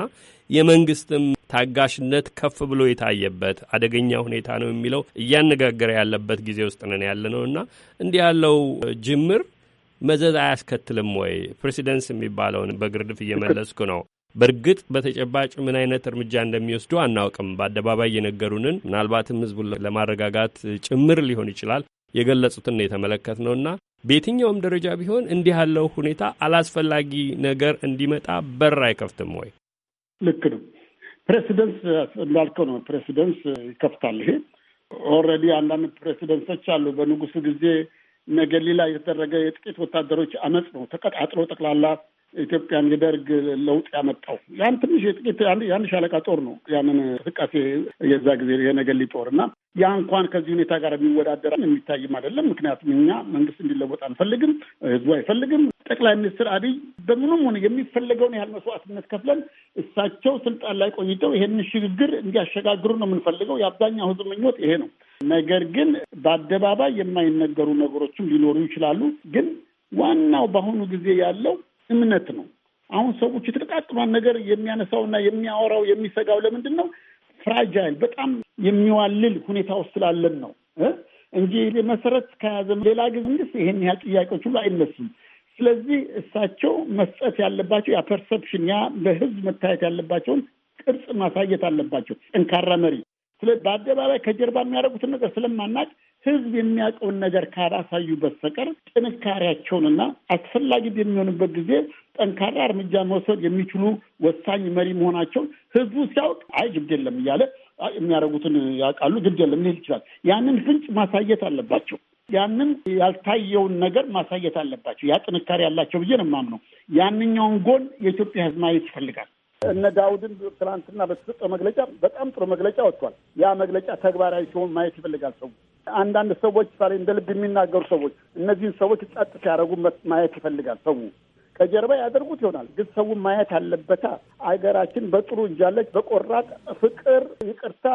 የመንግስትም ታጋሽነት ከፍ ብሎ የታየበት አደገኛ ሁኔታ ነው የሚለው እያነጋገረ ያለበት ጊዜ ውስጥ ነን ያለ ነው እና እንዲህ ያለው ጅምር መዘዝ አያስከትልም ወይ? ፕሬሲደንስ የሚባለውን በግርድፍ እየመለስኩ ነው። በእርግጥ በተጨባጭ ምን አይነት እርምጃ እንደሚወስዱ አናውቅም። በአደባባይ የነገሩንን ምናልባትም ህዝቡን ለማረጋጋት ጭምር ሊሆን ይችላል የገለጹትን የተመለከት ነውና በየትኛውም ደረጃ ቢሆን እንዲህ ያለው ሁኔታ አላስፈላጊ ነገር እንዲመጣ በር አይከፍትም ወይ? ልክ ነው። ፕሬሲደንት እንዳልከው ነው። ፕሬሲደንት ይከፍታል። ይሄ ኦልሬዲ አንዳንድ ፕሬሲደንቶች አሉ። በንጉሱ ጊዜ ነገሊላ የተደረገ የጥቂት ወታደሮች አመፅ ነው ተቀጣጥሎ ጠቅላላ ኢትዮጵያን የደርግ ለውጥ ያመጣው ያን ትንሽ የጥቂት የአንድ ሻለቃ ጦር ነው ያንን እንቅስቃሴ የዛ ጊዜ የነገሌ ጦር እና ያ እንኳን ከዚህ ሁኔታ ጋር የሚወዳደር የሚታይም አይደለም። ምክንያቱም እኛ መንግስት እንዲለወጥ አንፈልግም፣ ህዝቡ አይፈልግም። ጠቅላይ ሚኒስትር አብይ በምንም ሆነ የሚፈለገውን ያህል መስዋዕትነት ከፍለን እሳቸው ስልጣን ላይ ቆይተው ይሄንን ሽግግር እንዲያሸጋግሩ ነው የምንፈልገው። የአብዛኛው ህዝብ ምኞት ይሄ ነው። ነገር ግን በአደባባይ የማይነገሩ ነገሮችም ሊኖሩ ይችላሉ። ግን ዋናው በአሁኑ ጊዜ ያለው እምነት ነው። አሁን ሰዎች የተጠቃቅማን ነገር የሚያነሳውና የሚያወራው የሚሰጋው ለምንድን ነው? ፍራጃይል በጣም የሚዋልል ሁኔታ ውስጥ ስላለን ነው እንጂ መሰረት ከያዘ ሌላ መንግስት ይሄን ያህል ጥያቄዎች ሁሉ አይነሱም። ስለዚህ እሳቸው መስጠት ያለባቸው ያ ፐርሰፕሽን ያ በህዝብ መታየት ያለባቸውን ቅርጽ ማሳየት አለባቸው። ጠንካራ መሪ ስለ በአደባባይ ከጀርባ የሚያደርጉትን ነገር ስለማናቅ ህዝብ የሚያውቀውን ነገር ካላሳዩ በስተቀር ጥንካሬያቸውንና አስፈላጊ የሚሆንበት ጊዜ ጠንካራ እርምጃ መውሰድ የሚችሉ ወሳኝ መሪ መሆናቸውን ህዝቡ ሲያውቅ አይ ግድ የለም እያለ የሚያደርጉትን ያውቃሉ፣ ግድ የለም ሊል ይችላል። ያንን ፍንጭ ማሳየት አለባቸው። ያንን ያልታየውን ነገር ማሳየት አለባቸው። ያ ጥንካሬ ያላቸው ብዬ ነው የማምነው። ያንኛውን ጎን የኢትዮጵያ ህዝብ ማየት ይፈልጋል። እነ ዳውድን ትናንትና በተሰጠው መግለጫ በጣም ጥሩ መግለጫ ወጥቷል። ያ መግለጫ ተግባራዊ ሲሆን ማየት ይፈልጋል ሰው አንዳንድ ሰዎች ሳ እንደ ልብ የሚናገሩ ሰዎች እነዚህን ሰዎች ጸጥ ሲያደርጉ ማየት ይፈልጋል ሰው። ከጀርባ ያደርጉት ይሆናል ግን ሰው ማየት አለበታ። አገራችን በጥሩ አለች በቆራጥ ፍቅር፣ ይቅርታ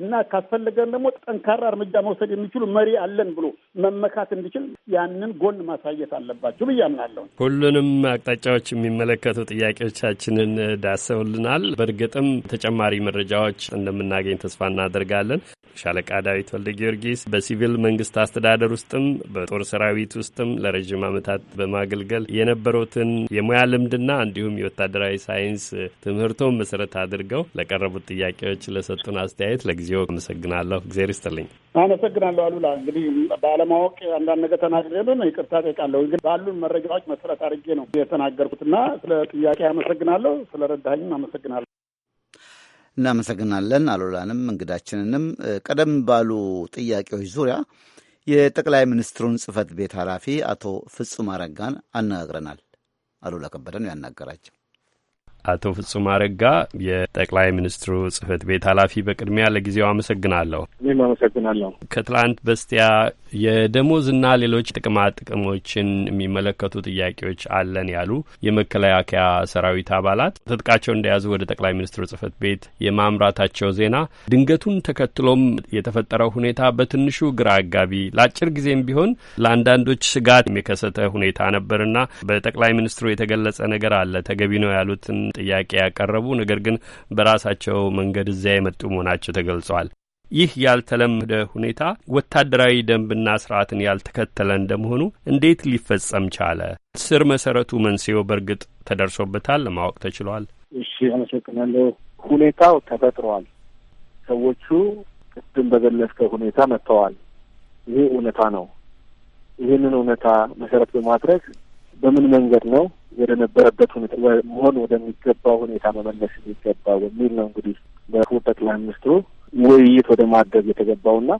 እና ካስፈለገን ደግሞ ጠንካራ እርምጃ መውሰድ የሚችሉ መሪ አለን ብሎ መመካት እንዲችል ያንን ጎን ማሳየት አለባቸው ብዬ አምናለሁ። ሁሉንም አቅጣጫዎች የሚመለከቱ ጥያቄዎቻችንን ዳሰውልናል። በእርግጥም ተጨማሪ መረጃዎች እንደምናገኝ ተስፋ እናደርጋለን። ሻለቃ ዳዊት ወልደ ጊዮርጊስ በሲቪል መንግስት አስተዳደር ውስጥም በጦር ሰራዊት ውስጥም ለረዥም ዓመታት በማገልገል የነበሩትን የሙያ ልምድና እንዲሁም የወታደራዊ ሳይንስ ትምህርቶን መሰረት አድርገው ለቀረቡት ጥያቄዎች ለሰጡን አስተያየት ለጊዜ ለጊዜው አመሰግናለሁ። እግዜር ይስጥልኝ። አመሰግናለሁ አሉላ። እንግዲህ ባለማወቅ አንዳንድ ነገር ተናግሬ ሆነ ይቅርታ ጠይቃለሁ። ግን ባሉን መረጃዎች መሰረት አድርጌ ነው የተናገርኩትና ስለ ጥያቄ አመሰግናለሁ። ስለ ረዳኝም አመሰግናለሁ። እናመሰግናለን አሉላንም እንግዳችንንም። ቀደም ባሉ ጥያቄዎች ዙሪያ የጠቅላይ ሚኒስትሩን ጽህፈት ቤት ኃላፊ አቶ ፍጹም አረጋን አነጋግረናል። አሉላ ከበደ ነው ያናገራቸው። አቶ ፍጹም አረጋ የጠቅላይ ሚኒስትሩ ጽህፈት ቤት ኃላፊ፣ በቅድሚያ ለጊዜው አመሰግናለሁ። እኔም አመሰግናለሁ። ከትላንት በስቲያ የደሞዝና ሌሎች ጥቅማ ጥቅሞችን የሚመለከቱ ጥያቄዎች አለን ያሉ የመከላከያ ሰራዊት አባላት ትጥቃቸው እንደያዙ ወደ ጠቅላይ ሚኒስትሩ ጽህፈት ቤት የማምራታቸው ዜና ድንገቱን ተከትሎም የተፈጠረው ሁኔታ በትንሹ ግራ አጋቢ፣ ለአጭር ጊዜም ቢሆን ለአንዳንዶች ስጋት የከሰተ ሁኔታ ነበርና በጠቅላይ ሚኒስትሩ የተገለጸ ነገር አለ ተገቢ ነው ያሉትን ጥያቄ ያቀረቡ ነገር ግን በራሳቸው መንገድ እዚያ የመጡ መሆናቸው ተገልጸዋል። ይህ ያልተለመደ ሁኔታ ወታደራዊ ደንብና ስርዓትን ያልተከተለ እንደመሆኑ እንዴት ሊፈጸም ቻለ? ስር መሰረቱ መንስኤው በእርግጥ ተደርሶበታል ለማወቅ ተችሏል? እሺ፣ አመሰግናለሁ። ሁኔታው ተፈጥሯል። ሰዎቹ ቅድም በገለጽከው ሁኔታ መጥተዋል። ይሄ እውነታ ነው። ይህንን እውነታ መሰረት በማድረግ በምን መንገድ ነው ወደ ነበረበት ሁኔታ መሆን ወደሚገባው ሁኔታ መመለስ የሚገባው በሚል ነው እንግዲህ በክቡር ጠቅላይ ሚኒስትሩ ውይይት ወደ ማድረግ የተገባውና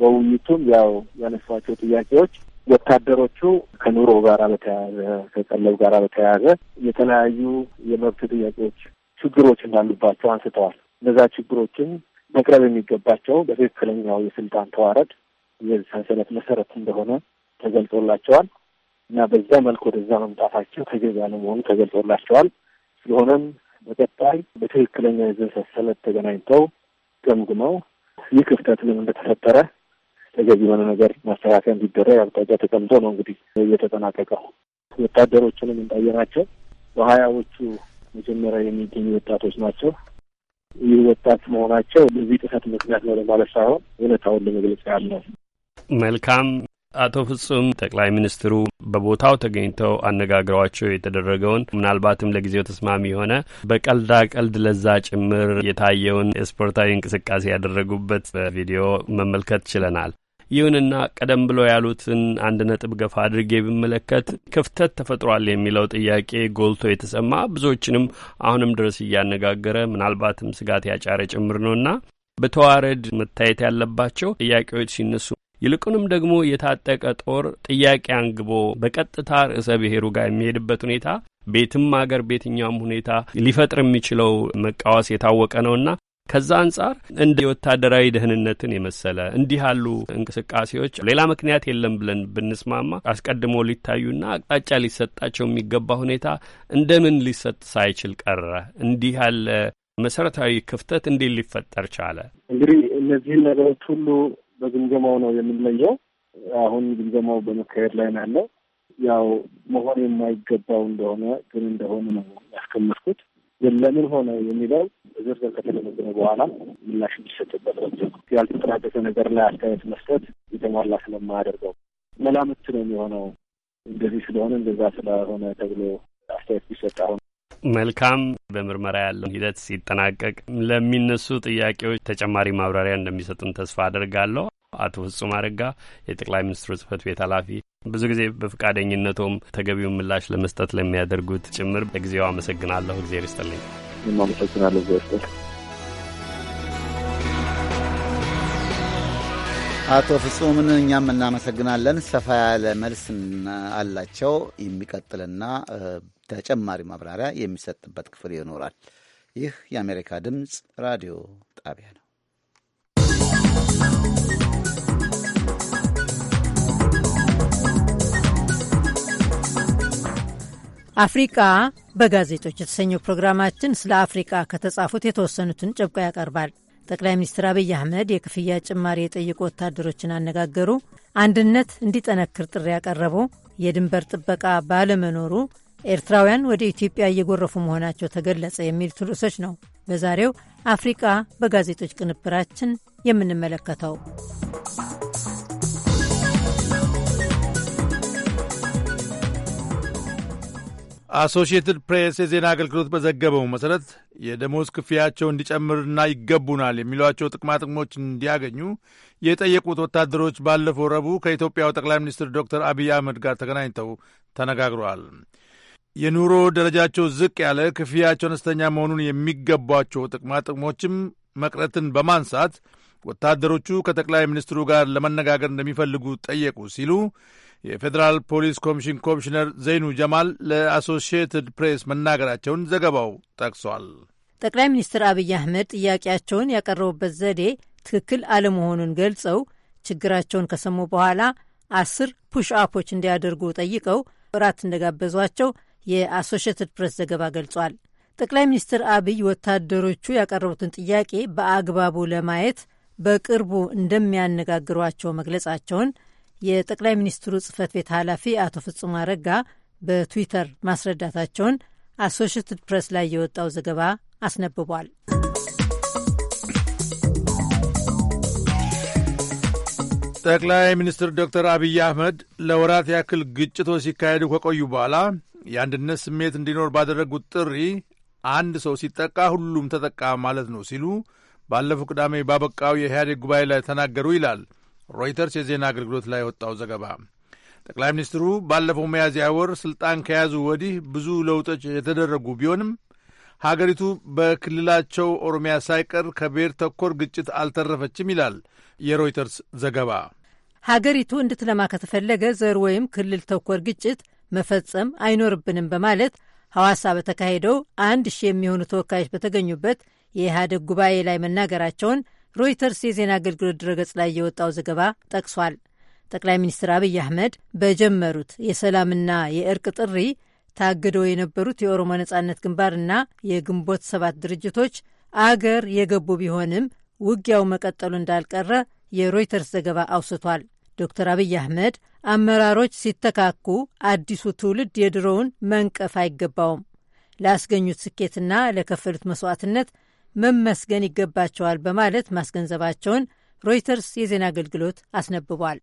በውይይቱም ያው ያነሷቸው ጥያቄዎች ወታደሮቹ ከኑሮ ጋር በተያያዘ ከቀለብ ጋር በተያያዘ የተለያዩ የመብት ጥያቄዎች ችግሮች እንዳሉባቸው አንስተዋል። እነዛ ችግሮችን መቅረብ የሚገባቸው በትክክለኛው የስልጣን ተዋረድ የሰንሰለት መሰረት እንደሆነ ተገልጾላቸዋል። እና በዛ መልክ ወደዛ መምጣታቸው ተገቢ መሆኑ ተገልጾላቸዋል። ስለሆነም በቀጣይ በትክክለኛ የገንዘብ ሰነድ ተገናኝተው ገምግመው ይህ ክፍተት ምን እንደተፈጠረ ተገቢ የሆነ ነገር ማስተካከያ እንዲደረግ አቅጣጫ ተቀምጦ ነው እንግዲህ እየተጠናቀቀው። ወታደሮችንም ናቸው በሀያዎቹ መጀመሪያ የሚገኙ ወጣቶች ናቸው። ይህ ወጣት መሆናቸው በዚህ ጥሰት ምክንያት ነው ለማለት ሳይሆን እውነታውን ለመግለጽ ያለው መልካም አቶ ፍጹም ጠቅላይ ሚኒስትሩ በቦታው ተገኝተው አነጋግረዋቸው የተደረገውን ምናልባትም ለጊዜው ተስማሚ የሆነ በቀልዳ ቀልድ ለዛ ጭምር የታየውን የስፖርታዊ እንቅስቃሴ ያደረጉበት በቪዲዮ መመልከት ችለናል። ይሁንና ቀደም ብሎ ያሉትን አንድ ነጥብ ገፋ አድርጌ ብመለከት ክፍተት ተፈጥሯል የሚለው ጥያቄ ጎልቶ የተሰማ ብዙዎችንም አሁንም ድረስ እያነጋገረ ምናልባትም ስጋት ያጫረ ጭምር ነውና በተዋረድ መታየት ያለባቸው ጥያቄዎች ሲነሱ ይልቁንም ደግሞ የታጠቀ ጦር ጥያቄ አንግቦ በቀጥታ ርዕሰ ብሔሩ ጋር የሚሄድበት ሁኔታ ቤትም አገር በየትኛውም ሁኔታ ሊፈጥር የሚችለው መቃወስ የታወቀ ነውና ከዛ አንጻር እንደ የወታደራዊ ደህንነትን የመሰለ እንዲህ ያሉ እንቅስቃሴዎች ሌላ ምክንያት የለም ብለን ብንስማማ አስቀድሞ ሊታዩና አቅጣጫ ሊሰጣቸው የሚገባ ሁኔታ እንደምን ሊሰጥ ሳይችል ቀረ? እንዲህ ያለ መሰረታዊ ክፍተት እንዴት ሊፈጠር ቻለ? እንግዲህ እነዚህን ነገሮች ሁሉ በግምገማው ነው የምንለየው። አሁን ግምገማው በመካሄድ ላይ ነው ያለው። ያው መሆን የማይገባው እንደሆነ ግን እንደሆነ ነው ያስቀመጥኩት። ለምን ሆነ የሚለው ዝርዝር ከተገመገመ በኋላ ምላሽ የሚሰጥበት ነው። ያልተጠናቀቀ ነገር ላይ አስተያየት መስጠት የተሟላ ስለማያደርገው መላምት ነው የሚሆነው። እንደዚህ ስለሆነ እንደዛ ስለሆነ ተብሎ አስተያየት ቢሰጥ አሁን መልካም። በምርመራ ያለውን ሂደት ሲጠናቀቅ ለሚነሱ ጥያቄዎች ተጨማሪ ማብራሪያ እንደሚሰጡን ተስፋ አድርጋለሁ። አቶ ፍጹም አረጋ የጠቅላይ ሚኒስትሩ ጽህፈት ቤት ኃላፊ፣ ብዙ ጊዜ በፈቃደኝነቶም ተገቢውን ምላሽ ለመስጠት ለሚያደርጉት ጭምር ለጊዜው አመሰግናለሁ። እግዜር ይስጥልኝ። አቶ ፍጹምን እኛም እናመሰግናለን። ሰፋ ያለ መልስ አላቸው። የሚቀጥልና ተጨማሪ ማብራሪያ የሚሰጥበት ክፍል ይኖራል። ይህ የአሜሪካ ድምፅ ራዲዮ ጣቢያ ነው። አፍሪቃ በጋዜጦች የተሰኘው ፕሮግራማችን ስለ አፍሪቃ ከተጻፉት የተወሰኑትን ጨብቆ ያቀርባል። ጠቅላይ ሚኒስትር አብይ አህመድ የክፍያ ጭማሪ የጠየቁ ወታደሮችን አነጋገሩ፣ አንድነት እንዲጠነክር ጥሪ ያቀረቡ፣ የድንበር ጥበቃ ባለመኖሩ ኤርትራውያን ወደ ኢትዮጵያ እየጎረፉ መሆናቸው ተገለጸ የሚሉት ርዕሶች ነው በዛሬው አፍሪቃ በጋዜጦች ቅንብራችን የምንመለከተው። አሶሺየትድ ፕሬስ የዜና አገልግሎት በዘገበው መሠረት የደሞዝ ክፍያቸው እንዲጨምርና ይገቡናል የሚሏቸው ጥቅማ ጥቅሞች እንዲያገኙ የጠየቁት ወታደሮች ባለፈው ረቡዕ ከኢትዮጵያው ጠቅላይ ሚኒስትር ዶክተር አብይ አህመድ ጋር ተገናኝተው ተነጋግረዋል። የኑሮ ደረጃቸው ዝቅ ያለ፣ ክፍያቸው አነስተኛ መሆኑን የሚገቧቸው ጥቅማ ጥቅሞችም መቅረትን በማንሳት ወታደሮቹ ከጠቅላይ ሚኒስትሩ ጋር ለመነጋገር እንደሚፈልጉ ጠየቁ ሲሉ የፌዴራል ፖሊስ ኮሚሽን ኮሚሽነር ዘይኑ ጀማል ለአሶሺየትድ ፕሬስ መናገራቸውን ዘገባው ጠቅሷል። ጠቅላይ ሚኒስትር አብይ አህመድ ጥያቄያቸውን ያቀረቡበት ዘዴ ትክክል አለመሆኑን ገልጸው ችግራቸውን ከሰሙ በኋላ አስር ፑሽ አፖች እንዲያደርጉ ጠይቀው እራት እንደጋበዟቸው የአሶሽትድ ፕሬስ ዘገባ ገልጿል። ጠቅላይ ሚኒስትር አብይ ወታደሮቹ ያቀረቡትን ጥያቄ በአግባቡ ለማየት በቅርቡ እንደሚያነጋግሯቸው መግለጻቸውን የጠቅላይ ሚኒስትሩ ጽህፈት ቤት ኃላፊ አቶ ፍጹም አረጋ በትዊተር ማስረዳታቸውን አሶሽትድ ፕሬስ ላይ የወጣው ዘገባ አስነብቧል። ጠቅላይ ሚኒስትር ዶክተር አብይ አህመድ ለወራት ያክል ግጭቶች ሲካሄዱ ከቆዩ በኋላ የአንድነት ስሜት እንዲኖር ባደረጉት ጥሪ አንድ ሰው ሲጠቃ ሁሉም ተጠቃ ማለት ነው ሲሉ ባለፈው ቅዳሜ ባበቃው የኢህአዴግ ጉባኤ ላይ ተናገሩ ይላል ሮይተርስ የዜና አገልግሎት ላይ የወጣው ዘገባ። ጠቅላይ ሚኒስትሩ ባለፈው መያዝያ ወር ስልጣን ከያዙ ወዲህ ብዙ ለውጦች የተደረጉ ቢሆንም ሀገሪቱ በክልላቸው ኦሮሚያ ሳይቀር ከብሔር ተኮር ግጭት አልተረፈችም ይላል የሮይተርስ ዘገባ። ሀገሪቱ እንድትለማ ከተፈለገ ዘር ወይም ክልል ተኮር ግጭት መፈጸም አይኖርብንም በማለት ሐዋሳ በተካሄደው አንድ ሺህ የሚሆኑ ተወካዮች በተገኙበት የኢህአደግ ጉባኤ ላይ መናገራቸውን ሮይተርስ የዜና አገልግሎት ድረገጽ ላይ የወጣው ዘገባ ጠቅሷል። ጠቅላይ ሚኒስትር አብይ አህመድ በጀመሩት የሰላምና የእርቅ ጥሪ ታግደው የነበሩት የኦሮሞ ነጻነት ግንባርና የግንቦት ሰባት ድርጅቶች አገር የገቡ ቢሆንም ውጊያው መቀጠሉ እንዳልቀረ የሮይተርስ ዘገባ አውስቷል። ዶክተር አብይ አህመድ አመራሮች ሲተካኩ አዲሱ ትውልድ የድሮውን መንቀፍ አይገባውም፣ ላስገኙት ስኬትና ለከፈሉት መስዋዕትነት መመስገን ይገባቸዋል በማለት ማስገንዘባቸውን ሮይተርስ የዜና አገልግሎት አስነብቧል።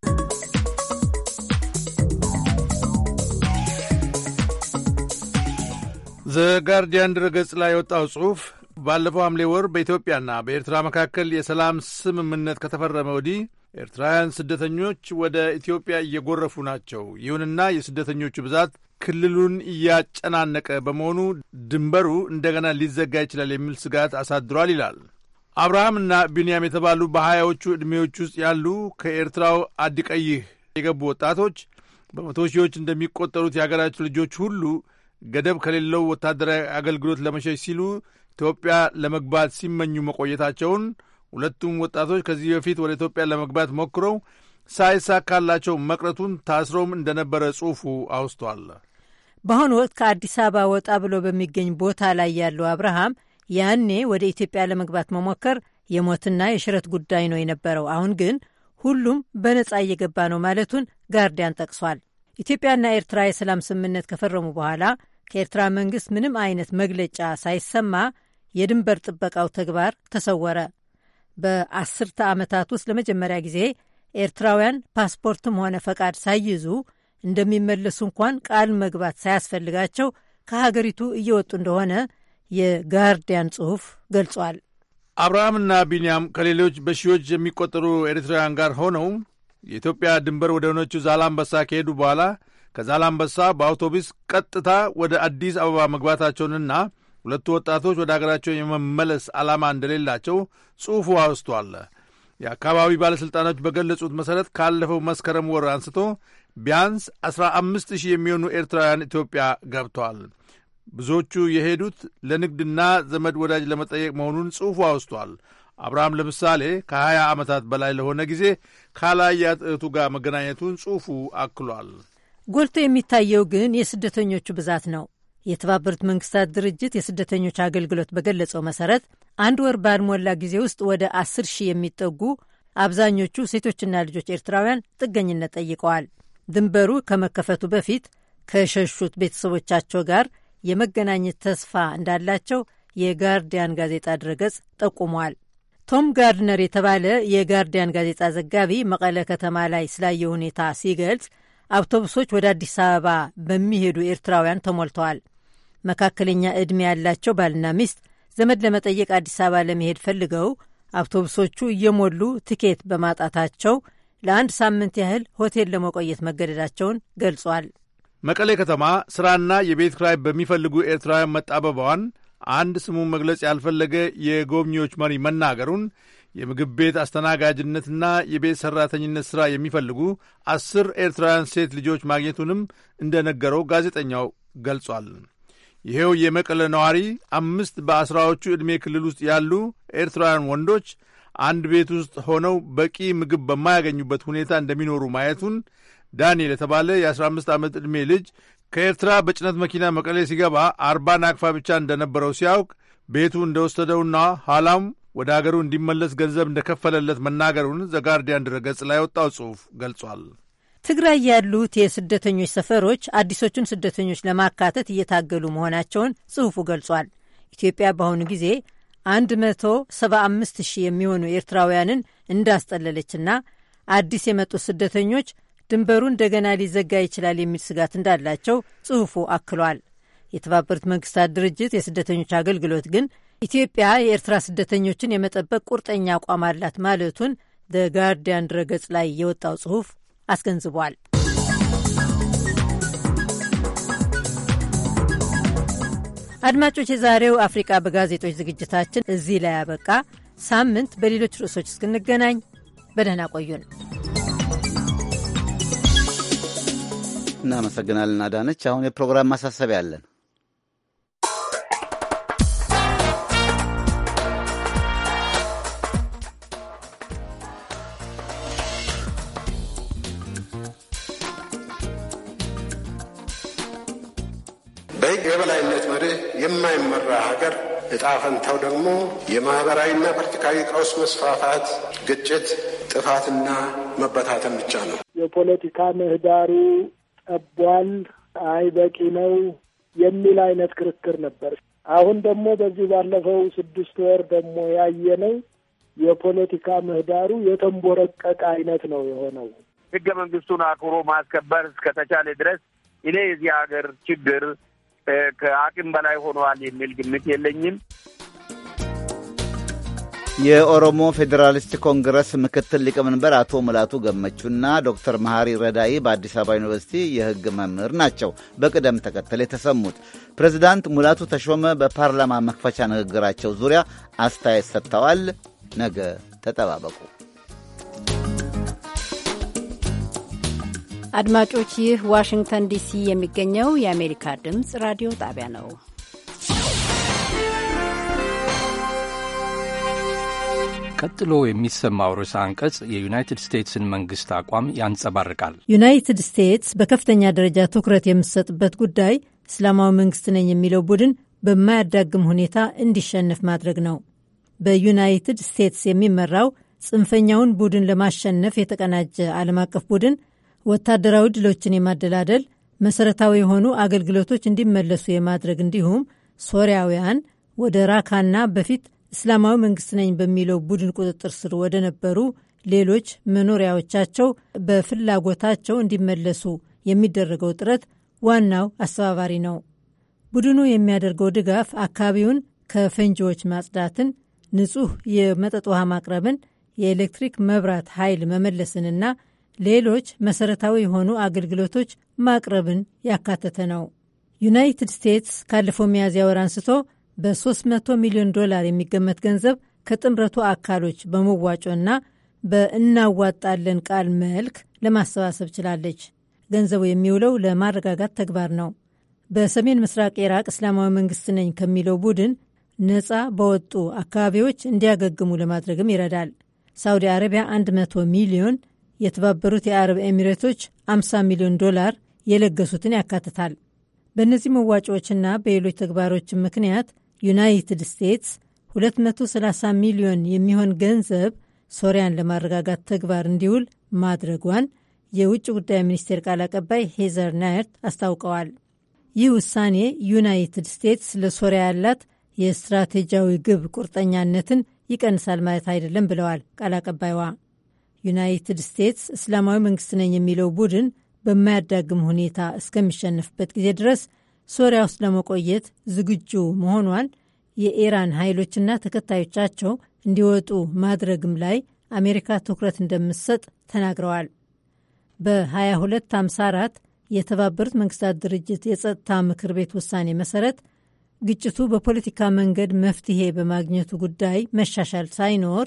ዘጋርዲያን ድረገጽ ላይ የወጣው ጽሑፍ ባለፈው ሐምሌ ወር በኢትዮጵያና በኤርትራ መካከል የሰላም ስምምነት ከተፈረመ ወዲህ ኤርትራውያን ስደተኞች ወደ ኢትዮጵያ እየጎረፉ ናቸው። ይሁንና የስደተኞቹ ብዛት ክልሉን እያጨናነቀ በመሆኑ ድንበሩ እንደገና ሊዘጋ ይችላል የሚል ስጋት አሳድሯል ይላል። አብርሃምና ቢንያም የተባሉ በሀያዎቹ ዕድሜዎች ውስጥ ያሉ ከኤርትራው አዲቀይህ የገቡ ወጣቶች በመቶ ሺዎች እንደሚቆጠሩት የአገራቸው ልጆች ሁሉ ገደብ ከሌለው ወታደራዊ አገልግሎት ለመሸሽ ሲሉ ኢትዮጵያ ለመግባት ሲመኙ መቆየታቸውን ሁለቱም ወጣቶች ከዚህ በፊት ወደ ኢትዮጵያ ለመግባት ሞክረው ሳይሳካላቸው መቅረቱን ታስረውም እንደነበረ ጽሑፉ አውስቷል። በአሁኑ ወቅት ከአዲስ አበባ ወጣ ብሎ በሚገኝ ቦታ ላይ ያለው አብርሃም ያኔ ወደ ኢትዮጵያ ለመግባት መሞከር የሞትና የሽረት ጉዳይ ነው የነበረው። አሁን ግን ሁሉም በነጻ እየገባ ነው ማለቱን ጋርዲያን ጠቅሷል። ኢትዮጵያና ኤርትራ የሰላም ስምምነት ከፈረሙ በኋላ ከኤርትራ መንግስት ምንም አይነት መግለጫ ሳይሰማ የድንበር ጥበቃው ተግባር ተሰወረ። በአስርተ ዓመታት ውስጥ ለመጀመሪያ ጊዜ ኤርትራውያን ፓስፖርትም ሆነ ፈቃድ ሳይይዙ እንደሚመለሱ እንኳን ቃል መግባት ሳያስፈልጋቸው ከሀገሪቱ እየወጡ እንደሆነ የጋርዲያን ጽሑፍ ገልጿል። አብርሃምና ቢንያም ከሌሎች በሺዎች የሚቆጠሩ ኤርትራውያን ጋር ሆነው የኢትዮጵያ ድንበር ወደ ሆነችው ዛላምበሳ ከሄዱ በኋላ ከዛላምበሳ በአውቶቡስ ቀጥታ ወደ አዲስ አበባ መግባታቸውንና ሁለቱ ወጣቶች ወደ አገራቸው የመመለስ ዓላማ እንደሌላቸው ጽሑፉ አውስቷል። የአካባቢ ባለሥልጣኖች በገለጹት መሠረት ካለፈው መስከረም ወር አንስቶ ቢያንስ 15 ሺህ የሚሆኑ ኤርትራውያን ኢትዮጵያ ገብተዋል። ብዙዎቹ የሄዱት ለንግድና ዘመድ ወዳጅ ለመጠየቅ መሆኑን ጽሑፉ አውስቷል። አብርሃም ለምሳሌ ከ20 ዓመታት በላይ ለሆነ ጊዜ ካላያት እህቱ ጋር መገናኘቱን ጽሑፉ አክሏል። ጎልቶ የሚታየው ግን የስደተኞቹ ብዛት ነው። የተባበሩት መንግስታት ድርጅት የስደተኞች አገልግሎት በገለጸው መሰረት አንድ ወር ባልሞላ ጊዜ ውስጥ ወደ አስር ሺህ የሚጠጉ አብዛኞቹ ሴቶችና ልጆች ኤርትራውያን ጥገኝነት ጠይቀዋል። ድንበሩ ከመከፈቱ በፊት ከሸሹት ቤተሰቦቻቸው ጋር የመገናኘት ተስፋ እንዳላቸው የጋርዲያን ጋዜጣ ድረገጽ ጠቁሟል። ቶም ጋርድነር የተባለ የጋርዲያን ጋዜጣ ዘጋቢ መቀለ ከተማ ላይ ስላየ ሁኔታ ሲገልጽ አውቶቡሶች ወደ አዲስ አበባ በሚሄዱ ኤርትራውያን ተሞልተዋል። መካከለኛ ዕድሜ ያላቸው ባልና ሚስት ዘመድ ለመጠየቅ አዲስ አበባ ለመሄድ ፈልገው አውቶቡሶቹ እየሞሉ ትኬት በማጣታቸው ለአንድ ሳምንት ያህል ሆቴል ለመቆየት መገደዳቸውን ገልጿል። መቀሌ ከተማ ሥራና የቤት ክራይ በሚፈልጉ ኤርትራውያን መጣበቧን አንድ ስሙን መግለጽ ያልፈለገ የጎብኚዎች መሪ መናገሩን የምግብ ቤት አስተናጋጅነትና የቤት ሠራተኝነት ሥራ የሚፈልጉ አስር ኤርትራውያን ሴት ልጆች ማግኘቱንም እንደነገረው ጋዜጠኛው ገልጿል። ይሄው የመቀለ ነዋሪ አምስት በአስራዎቹ ዕድሜ ክልል ውስጥ ያሉ ኤርትራውያን ወንዶች አንድ ቤት ውስጥ ሆነው በቂ ምግብ በማያገኙበት ሁኔታ እንደሚኖሩ ማየቱን ዳንኤል የተባለ የ15 ዓመት ዕድሜ ልጅ ከኤርትራ በጭነት መኪና መቀሌ ሲገባ አርባ ናቅፋ ብቻ እንደነበረው ሲያውቅ ቤቱ እንደወሰደውና ኋላም ወደ አገሩ እንዲመለስ ገንዘብ እንደከፈለለት መናገሩን ዘጋርዲያን ድረገጽ ላይ ወጣው ጽሑፍ ገልጿል። ትግራይ ያሉት የስደተኞች ሰፈሮች አዲሶቹን ስደተኞች ለማካተት እየታገሉ መሆናቸውን ጽሑፉ ገልጿል። ኢትዮጵያ በአሁኑ ጊዜ 175 ሺህ የሚሆኑ ኤርትራውያንን እንዳስጠለለችና አዲስ የመጡት ስደተኞች ድንበሩ እንደገና ሊዘጋ ይችላል የሚል ስጋት እንዳላቸው ጽሑፉ አክሏል። የተባበሩት መንግስታት ድርጅት የስደተኞች አገልግሎት ግን ኢትዮጵያ የኤርትራ ስደተኞችን የመጠበቅ ቁርጠኛ አቋም አላት ማለቱን ዘ ጋርዲያን ድረገጽ ላይ የወጣው ጽሑፍ አስገንዝቧል። አድማጮች፣ የዛሬው አፍሪቃ በጋዜጦች ዝግጅታችን እዚህ ላይ ያበቃ። ሳምንት በሌሎች ርዕሶች እስክንገናኝ በደህና ቆዩን። እናመሰግናለን አዳነች። አሁን የፕሮግራም ማሳሰቢያ አለን። የማይመራ ሀገር እጣ ፈንታው ደግሞ የማህበራዊና ፖለቲካዊ ቀውስ መስፋፋት፣ ግጭት፣ ጥፋትና መበታተን ብቻ ነው። የፖለቲካ ምህዳሩ ጠቧል፣ አይ በቂ ነው የሚል አይነት ክርክር ነበር። አሁን ደግሞ በዚህ ባለፈው ስድስት ወር ደግሞ ያየነው የፖለቲካ ምህዳሩ የተንቦረቀቀ አይነት ነው የሆነው። ህገ መንግስቱን አክብሮ ማስከበር እስከተቻለ ድረስ እኔ የዚህ ሀገር ችግር ከአቅም በላይ ሆነዋል የሚል ግምት የለኝም። የኦሮሞ ፌዴራሊስት ኮንግረስ ምክትል ሊቀመንበር አቶ ሙላቱ ገመቹና ዶክተር መሐሪ ረዳኢ በአዲስ አበባ ዩኒቨርሲቲ የሕግ መምህር ናቸው። በቅደም ተከተል የተሰሙት ፕሬዚዳንት ሙላቱ ተሾመ በፓርላማ መክፈቻ ንግግራቸው ዙሪያ አስተያየት ሰጥተዋል። ነገ ተጠባበቁ። አድማጮች፣ ይህ ዋሽንግተን ዲሲ የሚገኘው የአሜሪካ ድምፅ ራዲዮ ጣቢያ ነው። ቀጥሎ የሚሰማው ርዕሰ አንቀጽ የዩናይትድ ስቴትስን መንግስት አቋም ያንጸባርቃል። ዩናይትድ ስቴትስ በከፍተኛ ደረጃ ትኩረት የምትሰጥበት ጉዳይ እስላማዊ መንግስት ነኝ የሚለው ቡድን በማያዳግም ሁኔታ እንዲሸነፍ ማድረግ ነው። በዩናይትድ ስቴትስ የሚመራው ጽንፈኛውን ቡድን ለማሸነፍ የተቀናጀ ዓለም አቀፍ ቡድን ወታደራዊ ድሎችን የማደላደል መሰረታዊ የሆኑ አገልግሎቶች እንዲመለሱ የማድረግ እንዲሁም ሶሪያውያን ወደ ራካና በፊት እስላማዊ መንግስት ነኝ በሚለው ቡድን ቁጥጥር ስር ወደ ነበሩ ሌሎች መኖሪያዎቻቸው በፍላጎታቸው እንዲመለሱ የሚደረገው ጥረት ዋናው አስተባባሪ ነው። ቡድኑ የሚያደርገው ድጋፍ አካባቢውን ከፈንጂዎች ማጽዳትን፣ ንጹሕ የመጠጥ ውሃ ማቅረብን፣ የኤሌክትሪክ መብራት ኃይል መመለስንና ሌሎች መሰረታዊ የሆኑ አገልግሎቶች ማቅረብን ያካተተ ነው። ዩናይትድ ስቴትስ ካለፈው ሚያዝያ ወር አንስቶ በ300 ሚሊዮን ዶላር የሚገመት ገንዘብ ከጥምረቱ አካሎች በመዋጮና በእናዋጣለን ቃል መልክ ለማሰባሰብ ችላለች። ገንዘቡ የሚውለው ለማረጋጋት ተግባር ነው። በሰሜን ምስራቅ ኢራቅ እስላማዊ መንግስት ነኝ ከሚለው ቡድን ነፃ በወጡ አካባቢዎች እንዲያገግሙ ለማድረግም ይረዳል። ሳውዲ አረቢያ 100 ሚሊዮን የተባበሩት የአረብ ኤሚሬቶች 50 ሚሊዮን ዶላር የለገሱትን ያካትታል። በእነዚህ መዋጮዎችና በሌሎች ተግባሮች ምክንያት ዩናይትድ ስቴትስ 230 ሚሊዮን የሚሆን ገንዘብ ሶሪያን ለማረጋጋት ተግባር እንዲውል ማድረጓን የውጭ ጉዳይ ሚኒስቴር ቃል አቀባይ ሄዘር ናየርት አስታውቀዋል። ይህ ውሳኔ ዩናይትድ ስቴትስ ለሶሪያ ያላት የስትራቴጂያዊ ግብ ቁርጠኛነትን ይቀንሳል ማለት አይደለም ብለዋል ቃል አቀባይዋ። ዩናይትድ ስቴትስ እስላማዊ መንግስት ነኝ የሚለው ቡድን በማያዳግም ሁኔታ እስከሚሸንፍበት ጊዜ ድረስ ሶሪያ ውስጥ ለመቆየት ዝግጁ መሆኗን የኢራን ኃይሎችና ተከታዮቻቸው እንዲወጡ ማድረግም ላይ አሜሪካ ትኩረት እንደምትሰጥ ተናግረዋል። በ2254 የተባበሩት መንግስታት ድርጅት የጸጥታ ምክር ቤት ውሳኔ መሰረት ግጭቱ በፖለቲካ መንገድ መፍትሄ በማግኘቱ ጉዳይ መሻሻል ሳይኖር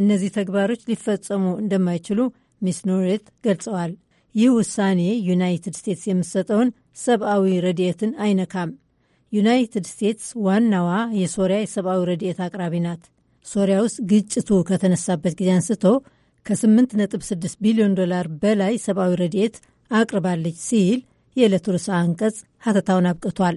እነዚህ ተግባሮች ሊፈጸሙ እንደማይችሉ ሚስ ኖሬት ገልጸዋል። ይህ ውሳኔ ዩናይትድ ስቴትስ የምትሰጠውን ሰብአዊ ረድኤትን አይነካም። ዩናይትድ ስቴትስ ዋናዋ የሶሪያ የሰብአዊ ረድኤት አቅራቢ ናት። ሶሪያ ውስጥ ግጭቱ ከተነሳበት ጊዜ አንስቶ ከ8.6 ቢሊዮን ዶላር በላይ ሰብአዊ ረድኤት አቅርባለች ሲል የዕለቱ ርዕሰ አንቀጽ ሀተታውን አብቅቷል።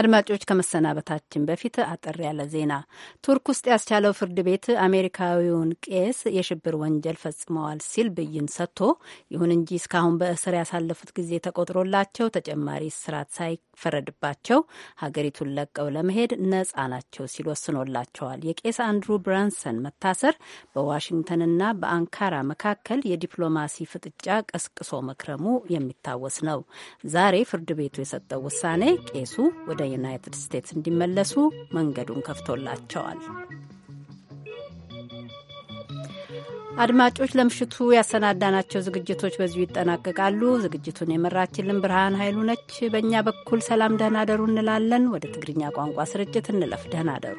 አድማጮች ከመሰናበታችን በፊት አጠር ያለ ዜና። ቱርክ ውስጥ ያስቻለው ፍርድ ቤት አሜሪካዊውን ቄስ የሽብር ወንጀል ፈጽመዋል ሲል ብይን ሰጥቶ፣ ይሁን እንጂ እስካሁን በእስር ያሳለፉት ጊዜ ተቆጥሮላቸው ተጨማሪ እስራት ሳይፈረድባቸው ሀገሪቱን ለቀው ለመሄድ ነጻ ናቸው ሲል ወስኖላቸዋል። የቄስ አንድሩ ብራንሰን መታሰር በዋሽንግተንና በአንካራ መካከል የዲፕሎማሲ ፍጥጫ ቀስቅሶ መክረሙ የሚታወስ ነው። ዛሬ ፍርድ ቤቱ የሰጠው ውሳኔ ቄሱ ወደ ወደ ዩናይትድ ስቴትስ እንዲመለሱ መንገዱን ከፍቶላቸዋል። አድማጮች ለምሽቱ ያሰናዳናቸው ዝግጅቶች በዚሁ ይጠናቀቃሉ። ዝግጅቱን የመራችልን ብርሃን ኃይሉ ነች። በእኛ በኩል ሰላም፣ ደህና ደሩ እንላለን። ወደ ትግርኛ ቋንቋ ስርጭት እንለፍ። ደህና ደሩ።